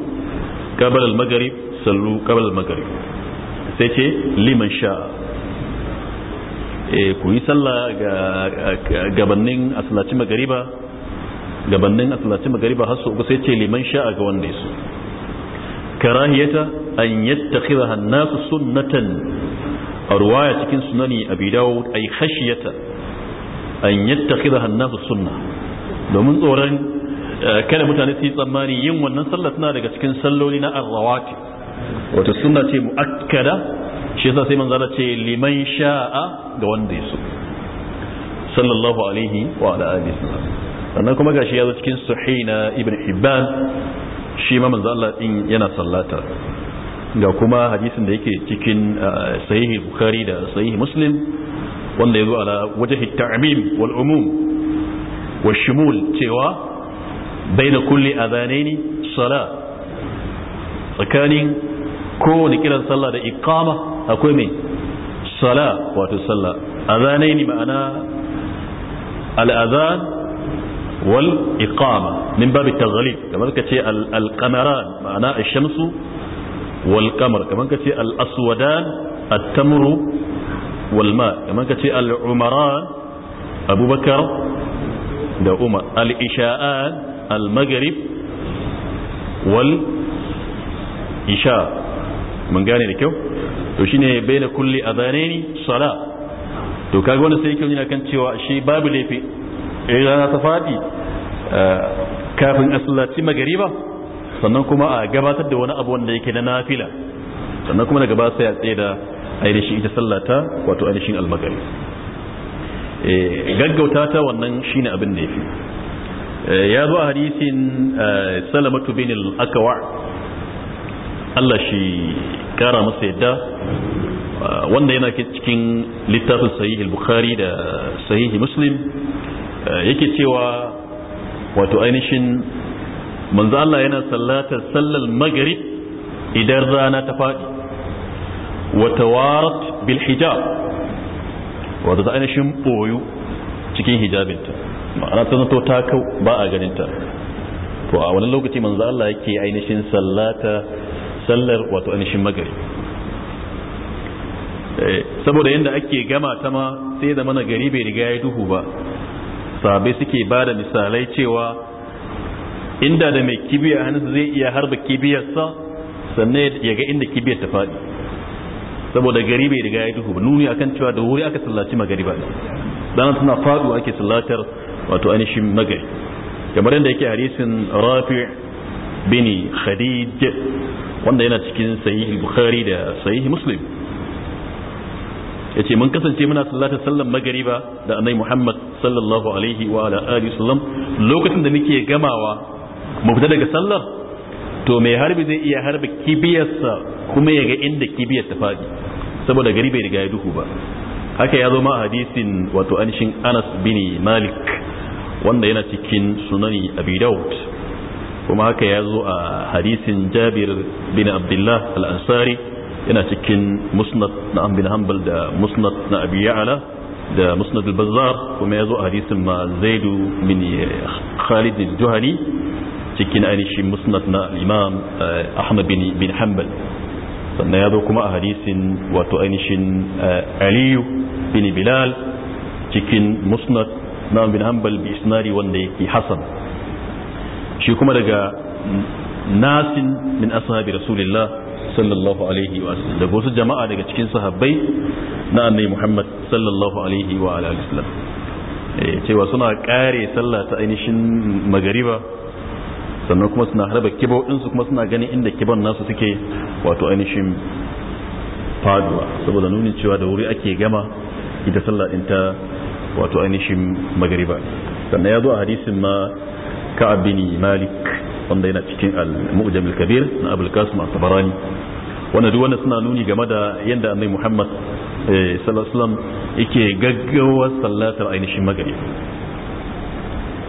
qabl al-maghrib sallu qabl al-maghrib sai ce liman sha eh, ku yi sallah ga gabanin asalacin magariba gabanin Asalaci magariba har su uku sai ce liman sha ga wanda yaso karahiyata an yattakhidha an-nas sunnatan a ruwaya cikin sunani abi dawud ay khashiyata an yattakhidha hannasu sunna domin tsoron eh, kada mutane su yi tsammani yin wannan sallah suna daga cikin salloli na arrawati wato sunna ce muakkada shi yasa sai manzala ce liman sha'a ga wanda ya so sallallahu alaihi wa ala alihi sannan kuma gashi cikin sahih na ibn hibban shi ma manzo Allah din yana sallata ga kuma hadisin da yake cikin eh, sahihi bukhari da sahihi muslim wanda ya zo ala wajen ta'amim wal umum wa shimul cewa baina kulli adhanaini sala tsakanin kowane kiran sallah da iqama akwai mai sala wato sallah adhanaini ma'ana al'azan wal iqama min babu taghlib kamar ka ce qamaran ma'ana ash-shamsu wal kamar kamar ka al aswadan at walma kamar ka ce al'umara abubakar da umar al'isha'an al-magharib wal isha mun gane da kyau to shine a zane ni sala to kaga wannan sai kyau nuna kan cewa shi babu laifi eh rana ta fadi eh, kafin asallaci magariba sannan kuma a gabatar da wani abu wanda yake na nafila sannan kuma na gabatar sai a tsaye da ainihin ita sallata wato ainihin almagari eh, gaggauta ta wannan shine abin da eh, ya zo a hadisin eh, salamatu bin al-akawa Allah shi kara masa yadda wanda yana cikin littafin sahih bukhari da sahihi muslim yake cewa wato ainihin manzo Allah yana sallatar sallal magari idan rana ta faɗi watawarat bil hijab wadda ta ainihin boyu cikin hijabinta ma'ana ta zato ta kau ba a ganinta to a wani lokaci manzo Allah yake ainihin sallata sallar wato ainihin magari eh, saboda yadda ake gama ta ma sai da mana gari bai riga ya duhu ba sabai suke ba da misalai cewa inda da mai kibiya hannu zai iya harba kibiyarsa sannan ya ga inda kibiyar ta faɗi saboda gari bai riga ya duhu ba nuni akan cewa da wuri aka sallaci magariba dan tana fadu ake sallatar wato anishin magari kamar yadda yake hadisin rafi bin khadij wanda yana cikin sahih bukhari da sahih muslim yace mun kasance muna sallatar sallan magariba da annabi muhammad sallallahu alaihi wa ala alihi sallam lokacin da muke gamawa mu fita daga sallar to mai harbi zai iya harbi kibiyarsa kuma ya ga inda kibiyar ta faɗi saboda gari bai riga ya duhu ba haka ya zo ma hadisin wato anshin anas bin malik wanda yana cikin sunani abi daud kuma haka ya zo a hadisin jabir bin abdullah al-ansari yana cikin musnad na bin hanbal da musnad na abi ya'la da musnad al-bazzar kuma ya zo a hadisin ma zaidu bin khalid al-juhani cikin ainihin musnad na imam eh, ahmad bin hanbal sannan ya zo kuma a hadisin wato ainihin eh, aliyu bin bilal cikin musnad na bin hanbal bi isnari wanda yake hasan shi kuma daga nasin min ashabi rasulillah sallallahu alaihi wa sallam daga wasu jama'a daga cikin sahabbai na annabi muhammad sallallahu alaihi wa alihi wasallam eh, cewa suna kare sallah ta ainihin magariba sannan kuma suna harba kibau ɗinsu kuma suna ganin inda kiban nasu suke wato ainihin faduwa saboda nuni cewa da wuri ake gama ita sallah ɗin ta wato ainihin magariba sannan ya zo a hadisin ma ka'ab bin malik wanda yana cikin al-mu'jam al-kabir na abul qasim at-tabarani wannan duk wannan suna nuni game da yanda annabi muhammad eh, sallallahu alaihi wasallam yake gaggawa sallatar ainihin magariba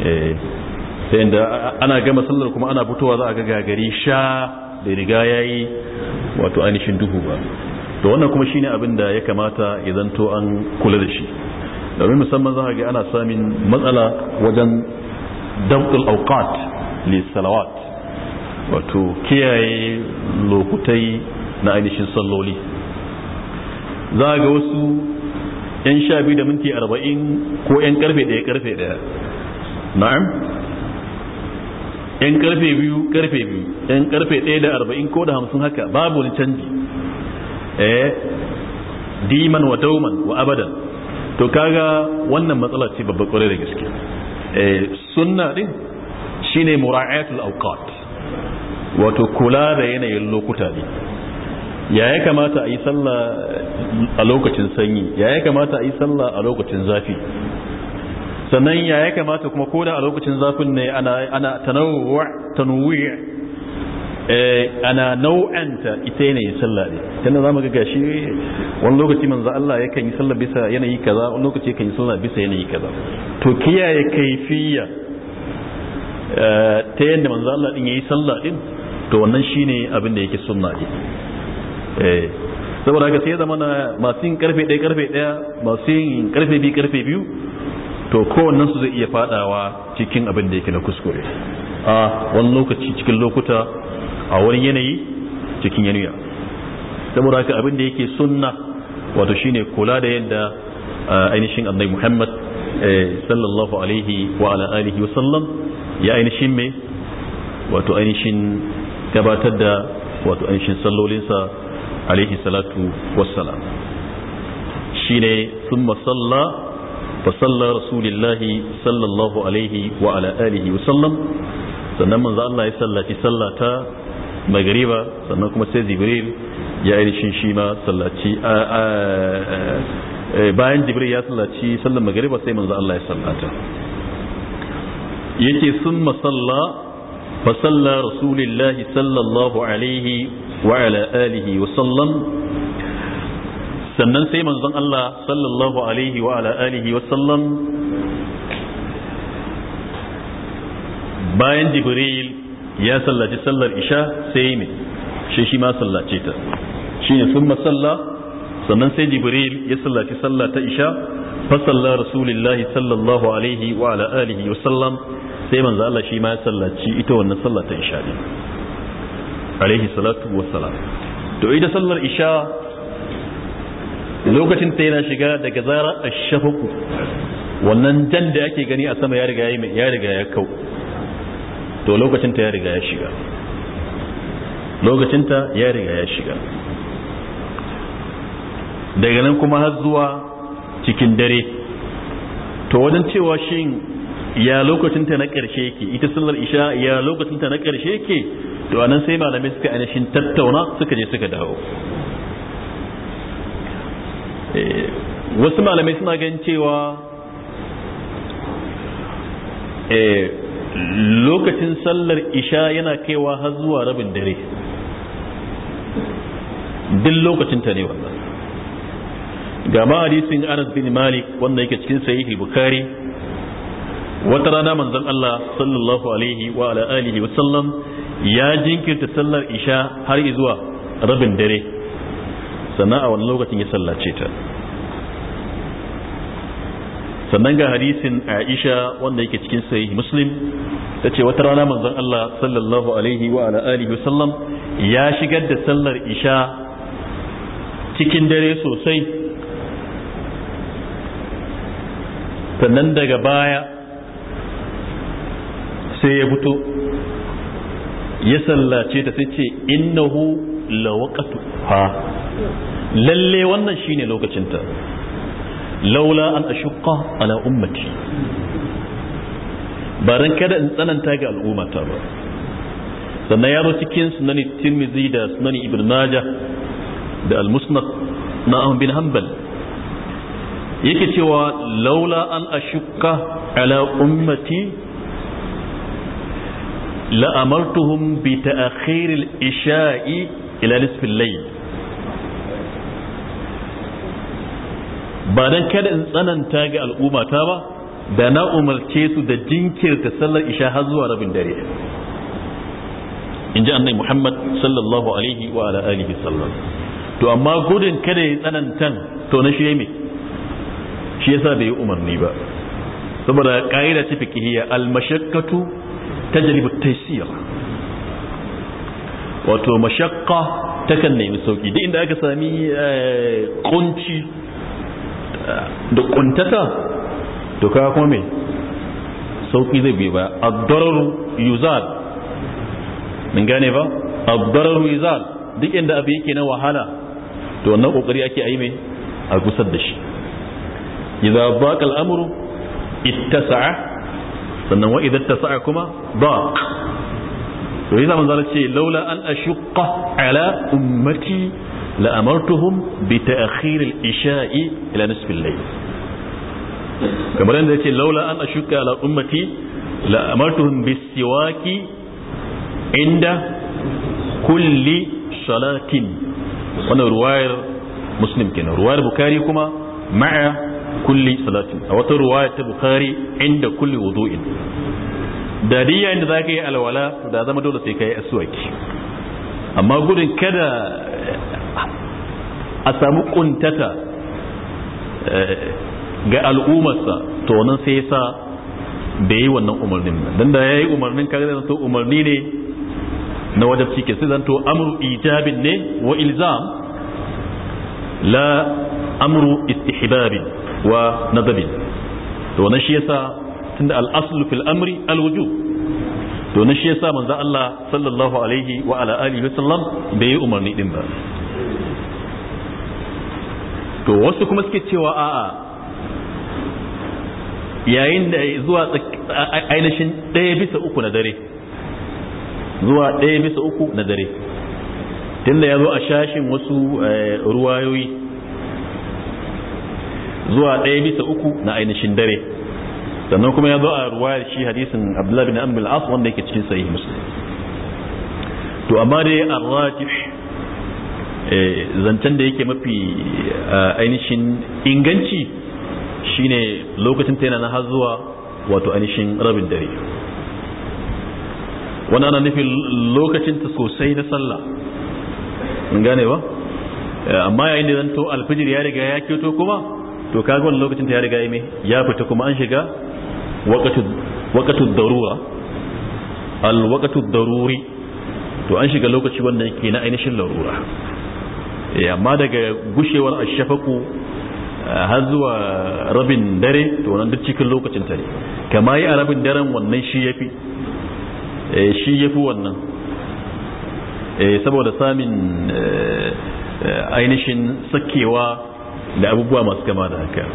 eh, sai da ana gama sallar kuma ana fitowa za a ga gagari sha da riga ya yi wato ainihin duhu ba to wannan kuma shine abin da ya kamata idan to an kula da shi domin musamman za ga ana samin matsala wajen damtul auqat li salawat wato kiyaye lokutai na ainihin salloli za ga wasu yan sha biyu da minti arba'in ko yan karfe daya karfe daya na'am yan karfe biyu karfe biyu yan karfe ɗaya da arba'in ko da hamsin haka babu wani canji eh diman wa dauman wa abadan to kaga wannan matsala ce babba kwarai da gaske eh, sunna din shine mura'atul awqat wato kula da yanayin lokuta ne ya kamata a yi sallah a lokacin sanyi ya kamata a yi sallah a lokacin zafi sannan ya ya kamata kuma koda a lokacin zafin ne ana ana tanawwu eh, ana nau'anta ita yanayin sallah ne tana za mu ga gashi wani lokaci manzo Allah kan yi sallah bisa yanayi kaza wani lokaci kan yi sallah bisa yanayi kaza to kiyaye kaifiya eh, ta yadda manzo Allah din yayi sallah din to wannan shine abin da yake sunna ne eh saboda haka sai zama masu yin karfe ɗaya karfe ɗaya masu yin karfe biyu karfe biyu to kowannen su zai iya fadawa cikin abin da yake na kuskure a wani lokaci cikin lokuta a wani yanayi cikin yanayi saboda haka abin da yake sunna wato shine kula da yadda ainihin annabi Muhammad eh, sallallahu alaihi wa ala alihi wa sallam ya ainihin me wato ainihin gabatar da wato ainihin sallolinsa alaihi salatu wassalam shine summa salla فصلى رسول الله صلى الله عليه وعلى آله وسلم sannan manzo Allah ya sallaci sallah ta sannan kuma sai Jibril ya ainihin shi bayan Jibril ya sallaci sallar magriba sai manzo Allah ya sallata yake sun masalla fa salla rasulillahi sallallahu alaihi wa ala alihi wa sallam sannan sai manzon Allah sallallahu alaihi wa ala alihi wa sallam bayan jibril ya sallaci sallar isha sai ne shi shi ma sallace ta Shi ne sun masalla sannan sai jibril ya sallaci sallah ta isha fa salla rasulullahi sallallahu alaihi wa ala alihi wa sallam sai manzo Allah shi ma ya sallaci ita wannan sallar ta isha ne alaihi salatu wa salam to ita sallar isha lokacin ta yana shiga daga zara a shafuku wannan jan da ake gani a sama ya riga ya riga ya kau to lokacin ta ya riga ya shiga lokacin ta ya riga ya shiga daga nan kuma har zuwa cikin dare to wajen cewa shin ya lokacin ta na ƙarshe yake ita sallar isha ya lokacin ta na ƙarshe yake to anan sai malamai suka ainihin tattauna suka je suka dawo Eh, wasu malamai suna gan cewa eh, lokacin sallar isha yana kaiwa har zuwa rabin dare duk lokacin ta ne wannan ga ma hadisin Anas bin Malik wanda yake cikin sahihi Bukhari wata rana manzon Allah sallallahu alaihi wa ala alihi wa sallam ya jinkirta sallar isha har zuwa rabin dare Sana'a wani lokacin ya sallace ta sannan ga hadisin aisha wanda yake cikin sahih muslim ta ce wata rana manzon Allah sallallahu alaihi wa ala alihi wa sallam ya shigar da sallar isha cikin dare sosai sannan daga baya sai ya fito ya sallace ta sai ce innahu lawaqatu ha lalle wannan shine lokacinta laula an ashqa ala ummati baran kada in tsananta ga al'ummata ba sannan yaro cikin sunani tirmizi da sunani ibn majah da al-musnad na ahmad bin hanbal yake cewa laula an ashqa ala ummati la amartuhum bi ta'khir al-isha'i ila nisfi al-layl ba dan kada in tsananta ga al'ummata ba da na umarce su da jinkirta sallar isha har zuwa rabin dare in ji annai muhammad sallallahu alaihi wa ala alihi sallam to amma gudun kada ya tsanantan to na shi me shi yasa bai yi umarni ba saboda ka'ida ta fiqhiyya al mashaqqatu tajlibu taysir wato mashaqqa takan nemi sauki duk inda aka sami kunci eh, da kuntata to kuma me sauki zai bi ba ad-dararu yuzal mun gane ba ad yuzal duk inda abu yake na wahala to wannan kokari ake yi mai a gusar da shi idza baqa al-amru ittasa'a sannan wa idza ittasa'a kuma Ba. to yi zaman ce laula an ashqa ala ummati la'amartuhum bi ta'khir al-isha'i ila nisf al-layl kamar yadda yace laula an ashuka ala ummati la'amartuhum bi siwaki inda kulli salatin wannan ruwayar muslim kenan ruwayar bukari kuma ma'a kulli salatin a wata ruwayar ta bukari inda kulli wudu'in da duk yayin da zaka yi alwala da zama dole sai ka kai aswaki amma gudun kada a samu ƙuntata eh, ga al'ummarsa to nan sai sa bai yi wannan umarnin dan da yayi umarnin kaga zan to umarni ne na wajabci cike, sai zan to amru ijabin ne wa ilzam la amru istihbabin wa nadabin to wannan shi yasa tunda al-aslu fil amri al to na shi yasa manzo Allah sallallahu alaihi wa ala alihi wasallam bai yi umarni din ba to wasu kuma suke cewa a'a yayin da zuwa ainihin ɗaya bisa uku na dare zuwa ɗaya bisa uku na dare tunda ya zo a shashin wasu eh, ruwayoyi zuwa ɗaya bisa uku na ainihin dare sannan kuma ya zo a ruwayar shi hadisin abdullahi bin amil as wanda yake cikin sahih muslim to amma dai arrajih Eh, zancen da yake mafi eh, ainihin inganci shine lokacin ta yana na har zuwa wato ainihin rabin dare wani ana nufin lokacin ta sosai na sallah in gane ba eh, amma yayin da zan to alfijir ya riga ya kyoto kuma to kaga wani lokacin ta ya riga ya ya fita kuma an shiga wakatu darura al daruri to an shiga lokaci wanda yake na ainihin larura Eh, amma daga gushewar ashafaku eh, har zuwa rabin dare to nan duk cikin lokacin ta ne yi a rabin daren wannan shi yafi eh, shi yafi wannan saboda samin ainihin sakewa da abubuwa masu kama da haka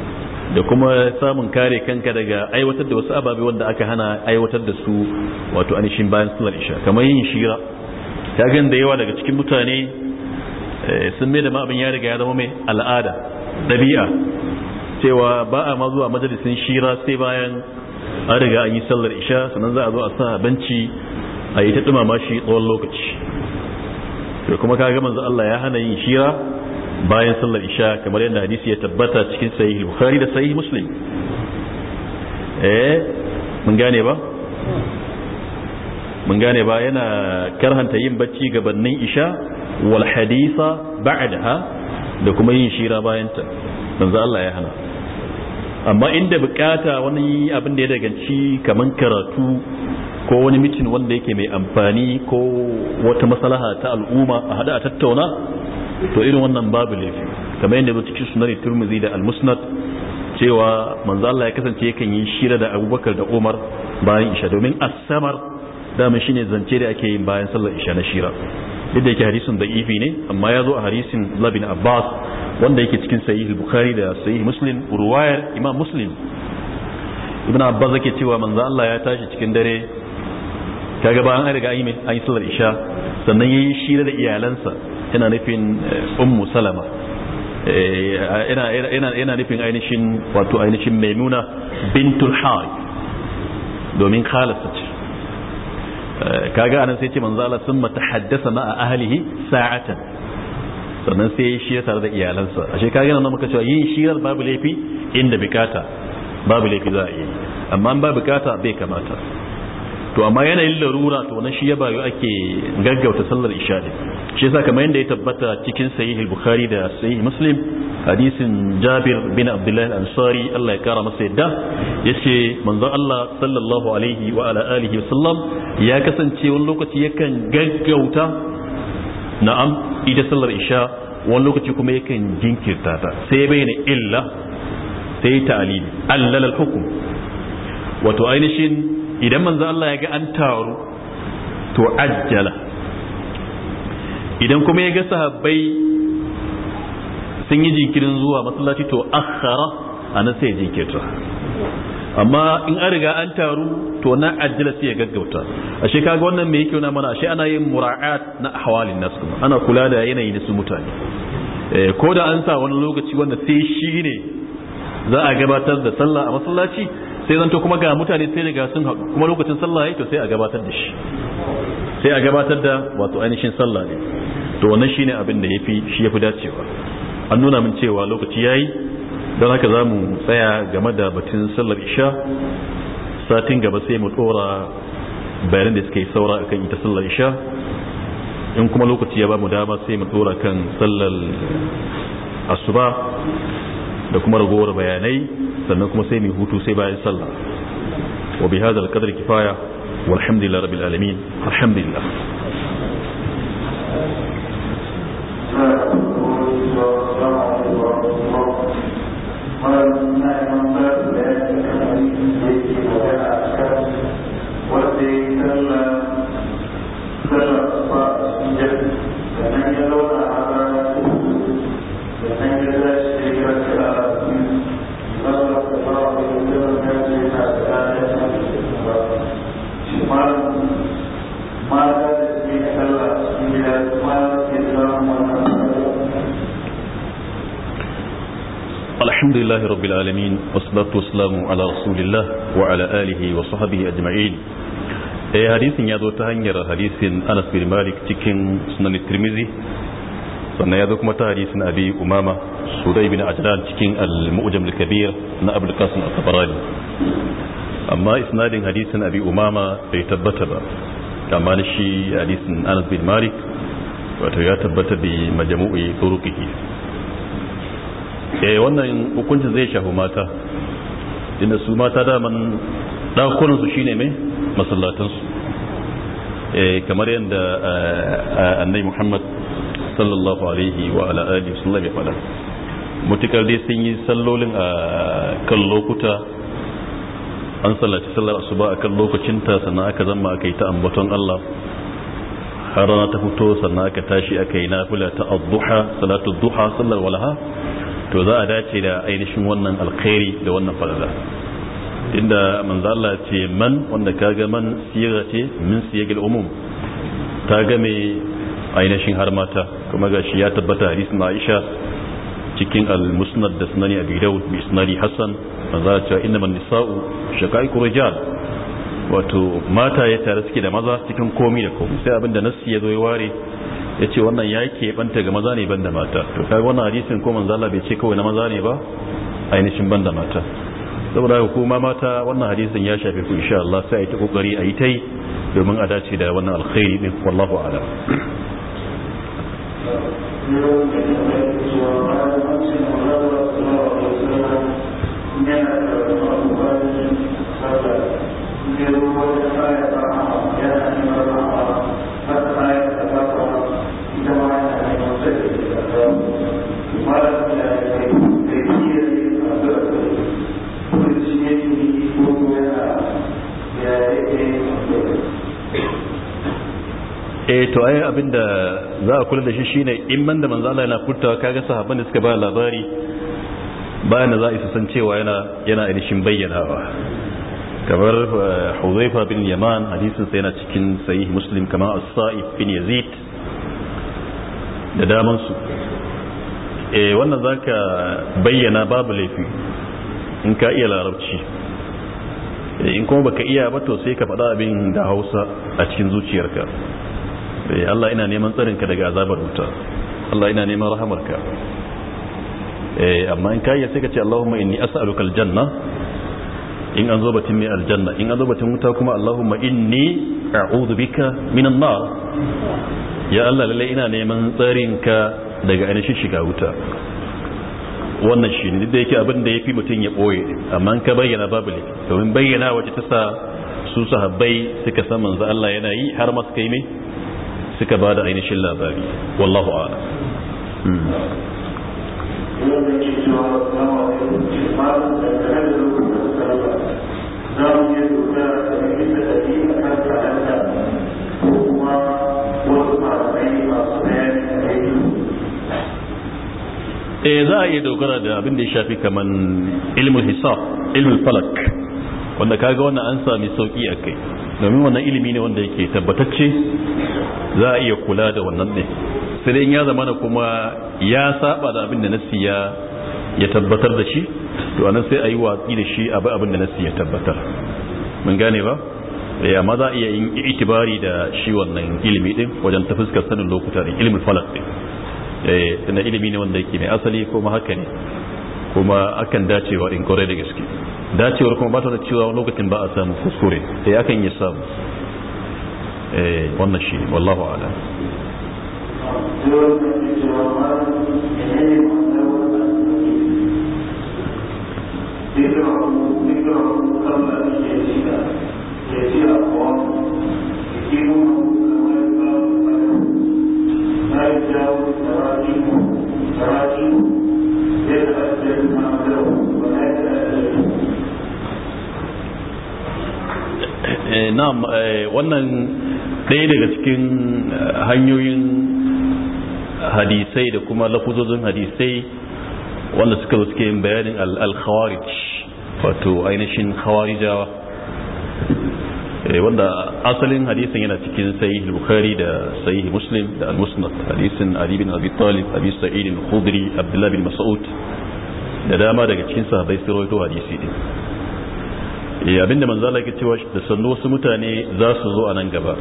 da kuma samun kare kanka daga aiwatar da wasu ababe wanda aka hana aiwatar da su wato ainihin bayan sunar isha kamar yin shira ta gan da yawa daga cikin mutane Eh, sun mai da ma abin ya riga ya zama mai al'ada ɗabi'a cewa ba a ma zuwa majalisin shira sai bayan an riga an yi sallar isha sannan za a zo a sa binci a yi ta ɗumama shi tsawon lokaci to kuma ka ga manzo Allah ya hana yin shira bayan sallar isha kamar yadda hadisi ya tabbata cikin sahih bukhari da sahih muslim eh mun gane ba mun gane ba yana karhanta yin bacci gabanin isha wal haditha ba'daha da kuma yin shira bayanta manzo Allah ya hana amma inda bukata wani abin da ya daganci kaman karatu ko wani mitin wanda yake mai amfani ko wata maslaha ta al'umma a hada a tattauna to irin wannan babu laifi kamar yadda zo cikin sunan turmuzi da al-musnad cewa manzo Allah ya kasance yakan yi shira da Abubakar da Umar bayan isha domin as-samar dama shine zance da ake yin bayan sallar isha na shira duk da yake hadisin ifi ne amma ya zo a hadisin labin abbas wanda yake cikin sahih bukhari da sahih muslim ruwayar imam muslim ibn abbas yake cewa manzo Allah ya tashi cikin dare kaga ba an riga an yi an yi sallar isha sannan yayi shira da iyalansa yana nufin eh, ummu salama eh, yana nufin ainihin wato ainihin maimuna bintul hay domin khalasa ce kaga anan sai ce manzo Allah sun matahaddasa ma ahlihi sa'atan sannan sai ya shiya tare da iyalansa ashe kaga nan muka cewa yin shirar babu laifi inda bukata babu laifi za a yi amma ba bukata bai kamata to amma yanayin larura to na shi ya bayo ake gaggauta sallar isha din shi yasa kamar yadda ya tabbata cikin sahihul bukhari da sahih muslim hadisin jabir bin Abdullahi al-ansari Allah ya kara masa yadda yace manzo Allah sallallahu alaihi wa ala alihi wa sallam ya kasance wani lokaci yakan gaggauta na'am ita sallar isha wani lokaci kuma yakan jinkirta ta sai bayyana illa sai ta'lil allal al-hukm wato ainihin idan manzo Allah ya ga an taru to ajjala idan kuma ya ga sahabbai sun yi jinkirin zuwa masallaci to akhara ana sai jinkirta amma in an riga an taru to na ajjala sai ya gaggauta ashe kaga wannan me yake nuna mana ashe ana yin mura'at na ahwalin nas kuma ana kula da yanayi da su mutane eh, ko da an sa wani lokaci wanda sai shi ne za a gabatar da sallah a masallaci sai zanto kuma ga mutane sai riga sun haɗu kuma lokacin sallah yake to sai a gabatar da shi sai a gabatar da wato ainihin sallah ne to wannan shine abin da yafi shi yafi dacewa an nuna min cewa lokaci yayi don haka za mu tsaya game da batun sallar isha satin gaba sai mu dora bayanan da suke saura akan ita sallar isha in kuma lokaci ya ba mu dama sai mu dora kan sallar asuba da kuma ragowar bayanai sannan kuma sai mu hutu sai bayan sallah wa bi hadha kifaya والحمد لله رب العالمين الحمد لله Thank you. الحمد لله رب العالمين والصلاة والسلام على رسول الله وعلى آله وصحبه أجمعين أي حديث يدو تهنير حديث أنس بن مالك تكين سنن الترمزي سنن يدو كما تهديث أبي أمامة سوري بن أجلان تكين المؤجم الكبير نأب القاسم الطبراني أما إسناد حديث أبي أمامة يتبتب كما نشي حديث أنس بن مالك وتويا بمجموع طرقه eh wannan hukuncin zai shafi mata inda su mata daman ɗakunansu shine mai masallatansu eh, kamar yadda eh, eh, annai muhammad sallallahu alaihi wa ala alihi sallallahu alaihi wa mutukar dai sun yi sallolin a kan lokuta an sallaci sallar asuba a kan ta sannan aka zama aka yi ta ambaton Allah har rana ta fito sannan aka tashi aka yi nafila ta adduha salatu duha sallar walaha to za a dace da ainihin wannan alkhairi da wannan falala inda manzala ce man wanda ka ga man siga ce min siyagil umum ta game ainihin har mata kuma shi ya tabbata na Aisha cikin al-musnad da sunani abi daud bi sunani hasan manzala ce inna man nisa'u shaqaiqu rijal wato mata ya tare suke da maza cikin komi da komi sai abinda na ya zo ya ware ya ce wannan ya keɓanta ga maza ne ban da mata to kai wannan hadisin ko manzo Allah bai ce kawai na maza ne ba ainihin ban da mata saboda haka mata wannan hadisin ya shafe ku insha Allah sai a yi ta kokari a yi ta domin a dace da wannan alkhairi din wallahu a'lam Yeah. eh to abin da za a kula da shi shine in man da manzo Allah yana furtawa kaga sahabban da suka ba labari bayan da za a isa san cewa yana yana ainihin bayyanawa kamar eh, Hudhaifa bin Yaman hadisin sa yana cikin sahih Muslim kama As-Sa'ib bin Yazid da daman su eh wannan zaka bayyana babu laifi in ka iya larabci eh, in kuma baka iya ba to sai ka faɗa abin da Hausa a cikin zuciyarka sai eh, Allah ina neman tsarinka daga azabar wuta Allah ina neman rahamarka eh amma in kai sai ka ce Allahumma inni as'aluka aljanna in an zo batun mai aljanna in an zo batun wuta kuma Allahumma inni a'udhu bika minan nar ya Allah lalle ina neman tsarinka daga ainihin shiga wuta wannan shi ne da yake abin da ya fi mutum ya ɓoye amma ka bayyana babu ne in bayyana wacce ta sa su sahabbai suka san manzo Allah yana yi har ma suka yi mai suka ba da ainihin labari wallahu ala e za a iya dogara da abin da ya shafi kamar ilmul hisab ilmul falak wanda kaga wannan an sami sauki a kai domin wannan ilimi ne wanda yake tabbatacce za a iya kula da wannan ne sai dai ya zama kuma ya saba da abin da nasi ya ya tabbatar da shi to anan sai a yi watsi da shi abu abin da nasi ya tabbatar mun gane ba ya eh, ma za a iya yin itibari da shi wannan ilimi din wajen ta sanin lokuta da ilimin falak din eh ilimi ne wanda yake mai asali kuma haka ne kuma akan dacewa in kore da gaske dacewar kuma ba ta da cewa lokacin ba a samu kuskure sai eh, akan yi samu eh, wannan shi wallahu ala Thank you. Eh, eh, wannan ɗaya daga cikin eh, hanyoyin hadisai da kuma lafuzozin hadisai wanda suka zo suke yin bayanin al-khawarij wato ainihin khawarijawa wanda asalin hadisin yana cikin sahih bukhari da sahih muslim da al-musnad hadisin ali bin abi talib abi sa'id al-khudri abdullah bin mas'ud da dama daga cikin sahabbai sun rawaito hadisi din Eh, abinda manzo Allah yake cewa da sannu wasu mutane za su zo a nan gaba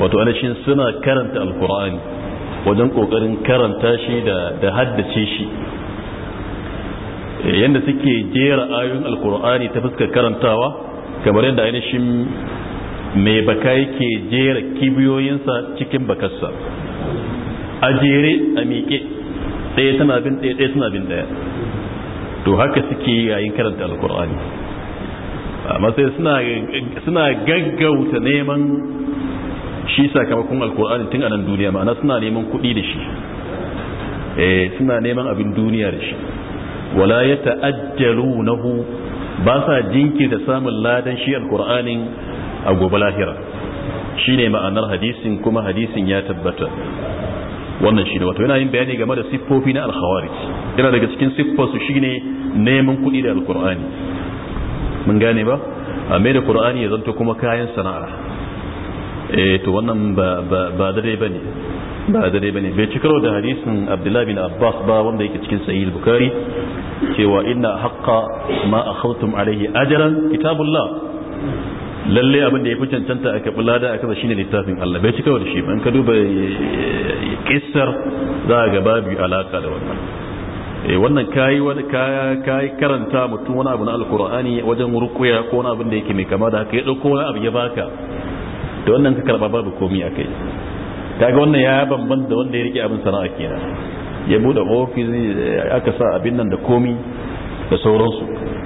wato anashin suna karanta alkur'ani wajen kokarin karanta shi da haddace shi eh, Yanda suke jera ayoyin alkur'ani ta fuskar karantawa kamar yadda ainihin mai baka yake jera kibiyoyinsa cikin bakarsa a jere a miƙe ɗaya tana bin ɗaya ɗaya tana bin ɗaya to haka suke yayin karanta alkur'ani amma sai suna gaggauta neman shi sakamakon alkur'ani tun a nan duniya ma'ana suna neman kuɗi da shi eh, suna neman abin duniya da shi wala ya ta'ajjalu nahu ba sa jinkirta samun ladan shi alkur'ani a gobe lahira shine ma'anar hadisin kuma hadisin ya tabbata wannan shi ne wato yana yin bayani game da siffofi na alkhawarij yana daga cikin siffarsu shine neman kuɗi da alkur'ani mun gane ba a mai da qur'ani ya zanto kuma kayan sana'a eh to wannan ba ba ba bane ba ne. bai ci da hadisin abdullahi bin abbas ba wanda yake cikin sahih bukhari cewa inna haqqa ma akhawtum alaihi ajran kitabullah lalle abin da ya fi cancanta a kaɓi lada a kasa shine littafin Allah bai cika da shi ba in ka duba ƙisar eh, za a gaba biyu alaƙa da wannan eh, wannan kayi wani kayi karanta mutum wani abu na alkur'ani wajen rukuya ko wani abin da yake mai kama da haka ya ɗauko wani abu ya baka da wannan ka karɓa babu komi a kai kaga wannan ya bambam da wanda ya rike abin sana'a kenan ya buɗe ofis aka sa abin nan da komi da sauransu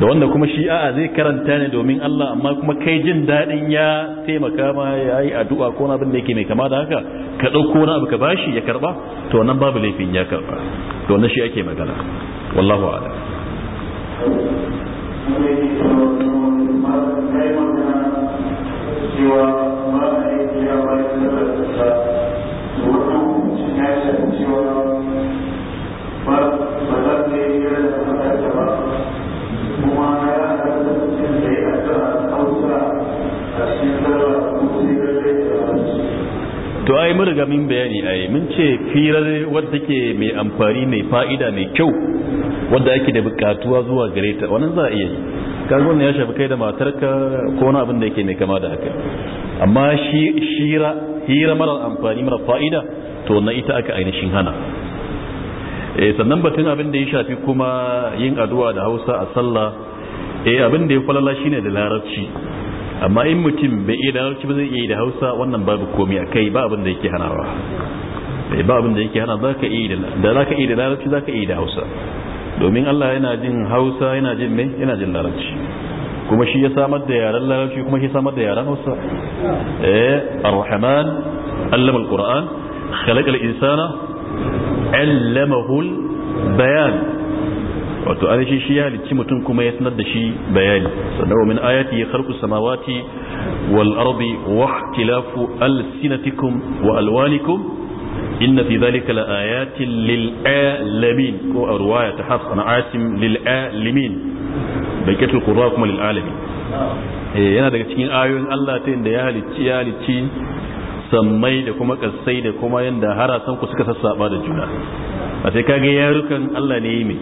da wanda kuma shi a'a zai karanta ne domin Allah amma kuma kai jin daɗin ya taimaka ma ya yi addu'a ko na abin da yake mai kama da haka ka ɗauko na abu ka bashi ya karɓa to nan babu laifin ya karɓa to wannan shi ake magana wallahu a'lam mun riga min bayani ai mun ce firar wadda ke mai amfani mai fa'ida mai kyau wadda ake da bukatuwa zuwa gare ta wannan za a iya yi kaga ya shafi kai da matarka ko wani abin da yake mai kama da haka amma shi shira hira mara amfani mara fa'ida to na ita aka ainihin hana eh, sannan batun abin da ya shafi kuma yin addu'a da Hausa a sallah eh abin da ya falala shine da larabci amma in mutum bai iya da larabci ba zai iya da hausa wannan babu komi a kai ba abin da yake hanawa bai eh, ba abin da yake hana za ka iya da za ka iya da larabci za ka iya da hausa domin allah yana jin hausa yana jin mai yana jin larabci kuma shi ya samar da yaren larabci kuma shi ya samar da yaren hausa eh ar-rahman allama al-qur'an khalaqa al-insana allamahu al-bayan wato an shi ya halicci mutum kuma ya sanar da shi bayani sannan min ayati ya kharqu samawati wal ardi wa ikhtilafu alsinatikum wa alwanikum inna fi dhalika la ayatin lil alamin ko a ruwaya ta hafs an asim lil alamin baikatul qurra kuma lil alamin eh yana daga cikin ayoyin Allah ta inda ya halicci ya halicci sammai da kuma kassai da kuma yanda harasan ku suka sassaba da juna a sai kage yarukan Allah ne yi mai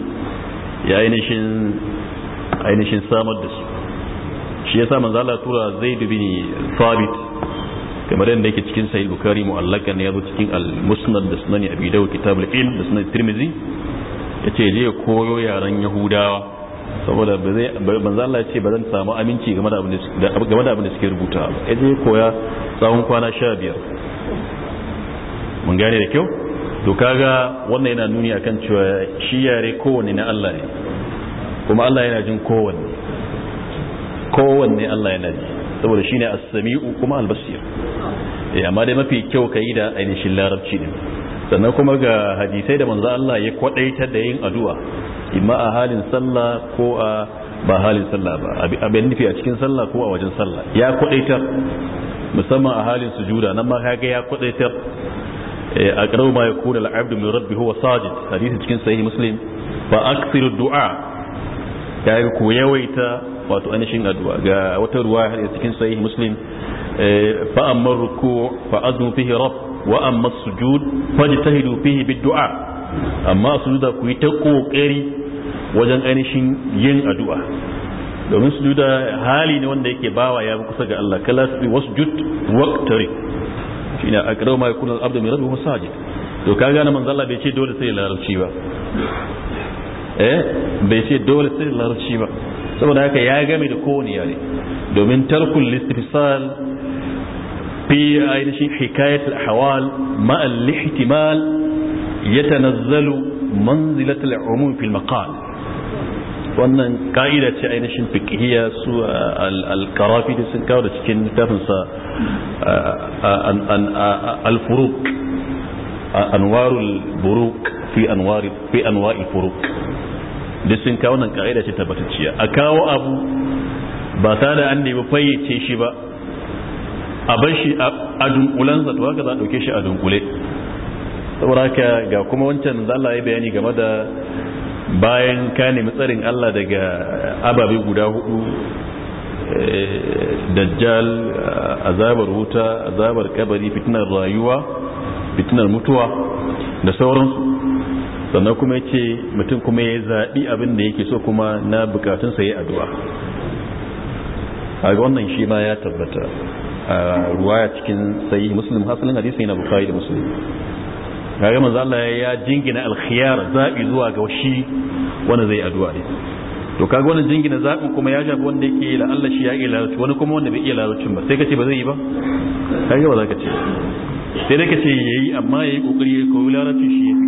ya ainihin ainihin samar da su shi sa manzo Allah tura zai dubi ne sabit kamar yadda yake cikin Sahih bukari mu'allaka ya zo cikin Al-Musnad da Sunan Abi Dawud Kitab al-Ilm da Sunan Tirmidhi yace je koyo yaran Yahudawa saboda ba zai manzo Allah yace ba zan samu aminci game da abin da game da abin da suke rubuta ba yace koya tsawon kwana 15 mun gane da kyau to kaga wannan yana nuni akan cewa shi yare kowanne na Allah ne kuma Allah yana jin kowanne kowanne Allah yana ji saboda shi ne as-sami'u kuma al-basir eh, amma dai mafi kyau ka yi da ainihin larabci ne sannan kuma ga hadisai da manzo Allah ya kwadaita da yin addu'a imma a halin sallah ko a ba halin sallah ba abin nufi a cikin sallah ko a wajen sallah ya kwadaita musamman a halin sujuda nan ma kaga ya kwadaita a eh, aqrabu ma yakunu al-'abdu min rabbihi huwa sajid hadisi cikin sahih muslim fa aksiru du'a ya ku yawaita wato ainihin addu'a ga wata ruwaya hadisi cikin sahih muslim eh, fa amma ruku' fa azmu fihi rabb wa amma sujud fajtahidu fihi bid-du'a amma sujuda ku yi ta kokari wajen ainihin yin addu'a domin sujuda hali ne wanda yake bawa ya kusa ga Allah kala su wasjud waqtari shine aqrabu ma yakunu al-abdu min rabbihi masajid to ka gane manzo Allah bai ce dole sai larabci ba eh bai ce dole sai larabci ba saboda haka ya game da kowani yare domin tarkul listifsal fi ainihin hikayat al-ahwal ma al-ihtimal yatanazzalu manzilat al-umum fi al-maqal wannan ka'ida ce ainihin fiqhiyya su al-karafi da sun kawo da cikin littafinsa al انوار البروق في fi في انواع الفروق duk sun kawo nan ka'ida ce tabbatacciya a kawo abu ba ta da an nemi fayyace shi ba a bar shi a dunkulansa to haka za a dauke shi a dunkule saboda haka ga kuma wancan da Allah ya bayani game da bayan ka nemi tsarin Allah daga ababe guda hudu Eh, dajjal eh, azabar wuta azabar kabari fitinar rayuwa fitinar mutuwa da sauransu sannan kuma ya ce mutum kuma ya zaɓi abin da yake so kuma na bukatun sayi addu'a a wannan shi ma ya tabbata a ruwaya cikin sayi muslim hasalin hadisi na bukari da muslim ga manzo Allah ya jingina alkhiyar zaɓi zuwa ga shi wanda zai addu'a ne to kaga wannan jingina zaɓin kuma ya shafi wanda yake Allah shi ya iya larabci wani kuma wanda bai iya larabcin ba sai ka ba zai yi ba kaga ba za ka ce sai dai ka yayi amma yayi kokari ya koyi larabci shi yafi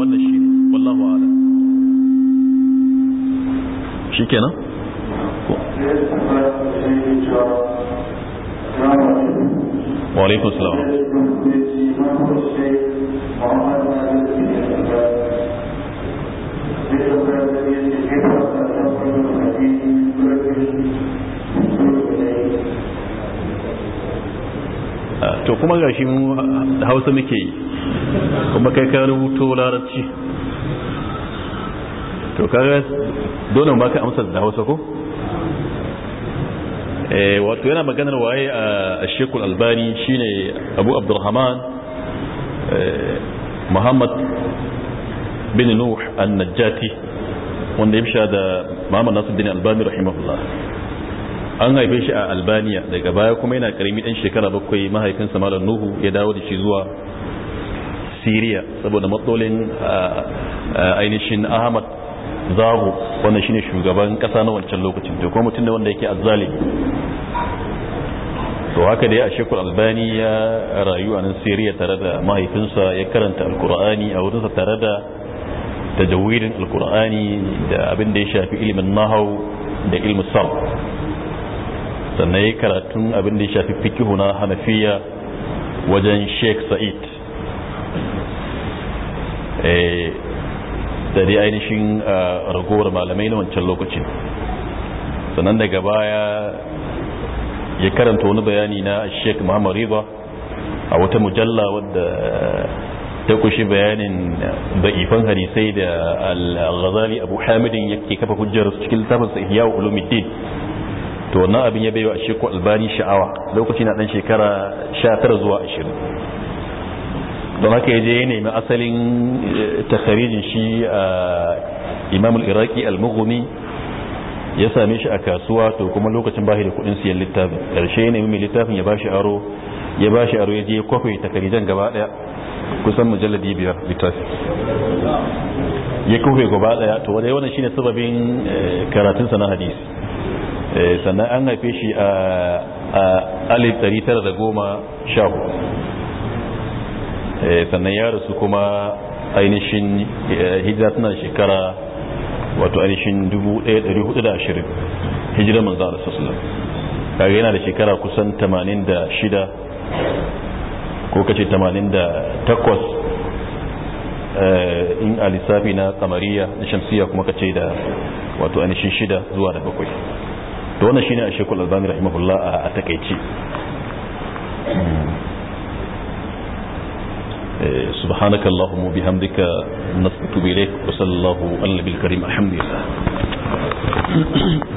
wannan shi ne wallahu a'lam shikenan wa alaikum assalam to kuma gashi mu hausa muke yi kuma kai ka rubuto larabci to kaga dole ba ka amsa da hausa ko eh wato yana maganar waye a Sheikh al albani shine abu abdurrahman eh, muhammad bin nuh an-najjati wanda ya fisha da Muhammad Nasiruddin Albani rahimahullah an haife shi a Albaniya daga baya kuma yana karimi dan shekara bakwai mahaifinsa Malam Nuhu ya dawo da shi zuwa Siriya saboda matsalolin ainihin Ahmad Zahu wannan shine shugaban kasa na wancan lokacin to kuma mutum ne wanda yake azzali to haka dai a shekul Albani ya rayu a nan Siriya tare da mahaifinsa ya karanta Alkur'ani a wurinsa tare da Tajawirin alkur'ani da abin da ya shafi ilimin nahau da ilmin sarf sannan ya karatun abin da ya shafi fikihu na hanafiya wajen sheikh sa'id eh, da dai ainihin ah, ragowar malamai na wancan lokacin sannan daga baya ya karanta wani bayani na sheikh muhammad riba a wata mujalla wadda ta kushi bayanin da'ifan hadisai da al-ghazali abu hamidin yake kafa hujjar cikin littafin sa ihya ulumuddin to wannan abin ya bayyana shi ko albani sha'awa lokaci na dan shekara 19 zuwa 20 don haka yaje ya nemi asalin takharijin shi a imam al-iraqi al-mughni ya same shi a kasuwa to kuma lokacin bashi da kudin siyan littafin karshe ya nemi littafin ya bashi aro ya bashi aro ya je kofe takarijan gaba daya kusan mujalladi biyar littafi ya kufe gaba daya to wadai wannan shine sababin eh, karatunsa na hadisi eh, sannan an haife shi a alif 914 eh, sannan ya rasu kuma ainihin hijira tana shekara wato ainihin 1420 hijira manzo sassu da kaga yana da shekara kusan 86 ko kace 88 eh, in a lissafi na kamariya na shamsiya kuma kace da wato ainihin shida zuwa da bakwai to wannan shine a shekul albani rahimahullah a takaici سبحانك اللهم وبحمدك نستغفرك وصلى الله على النبي الكريم الحمد لله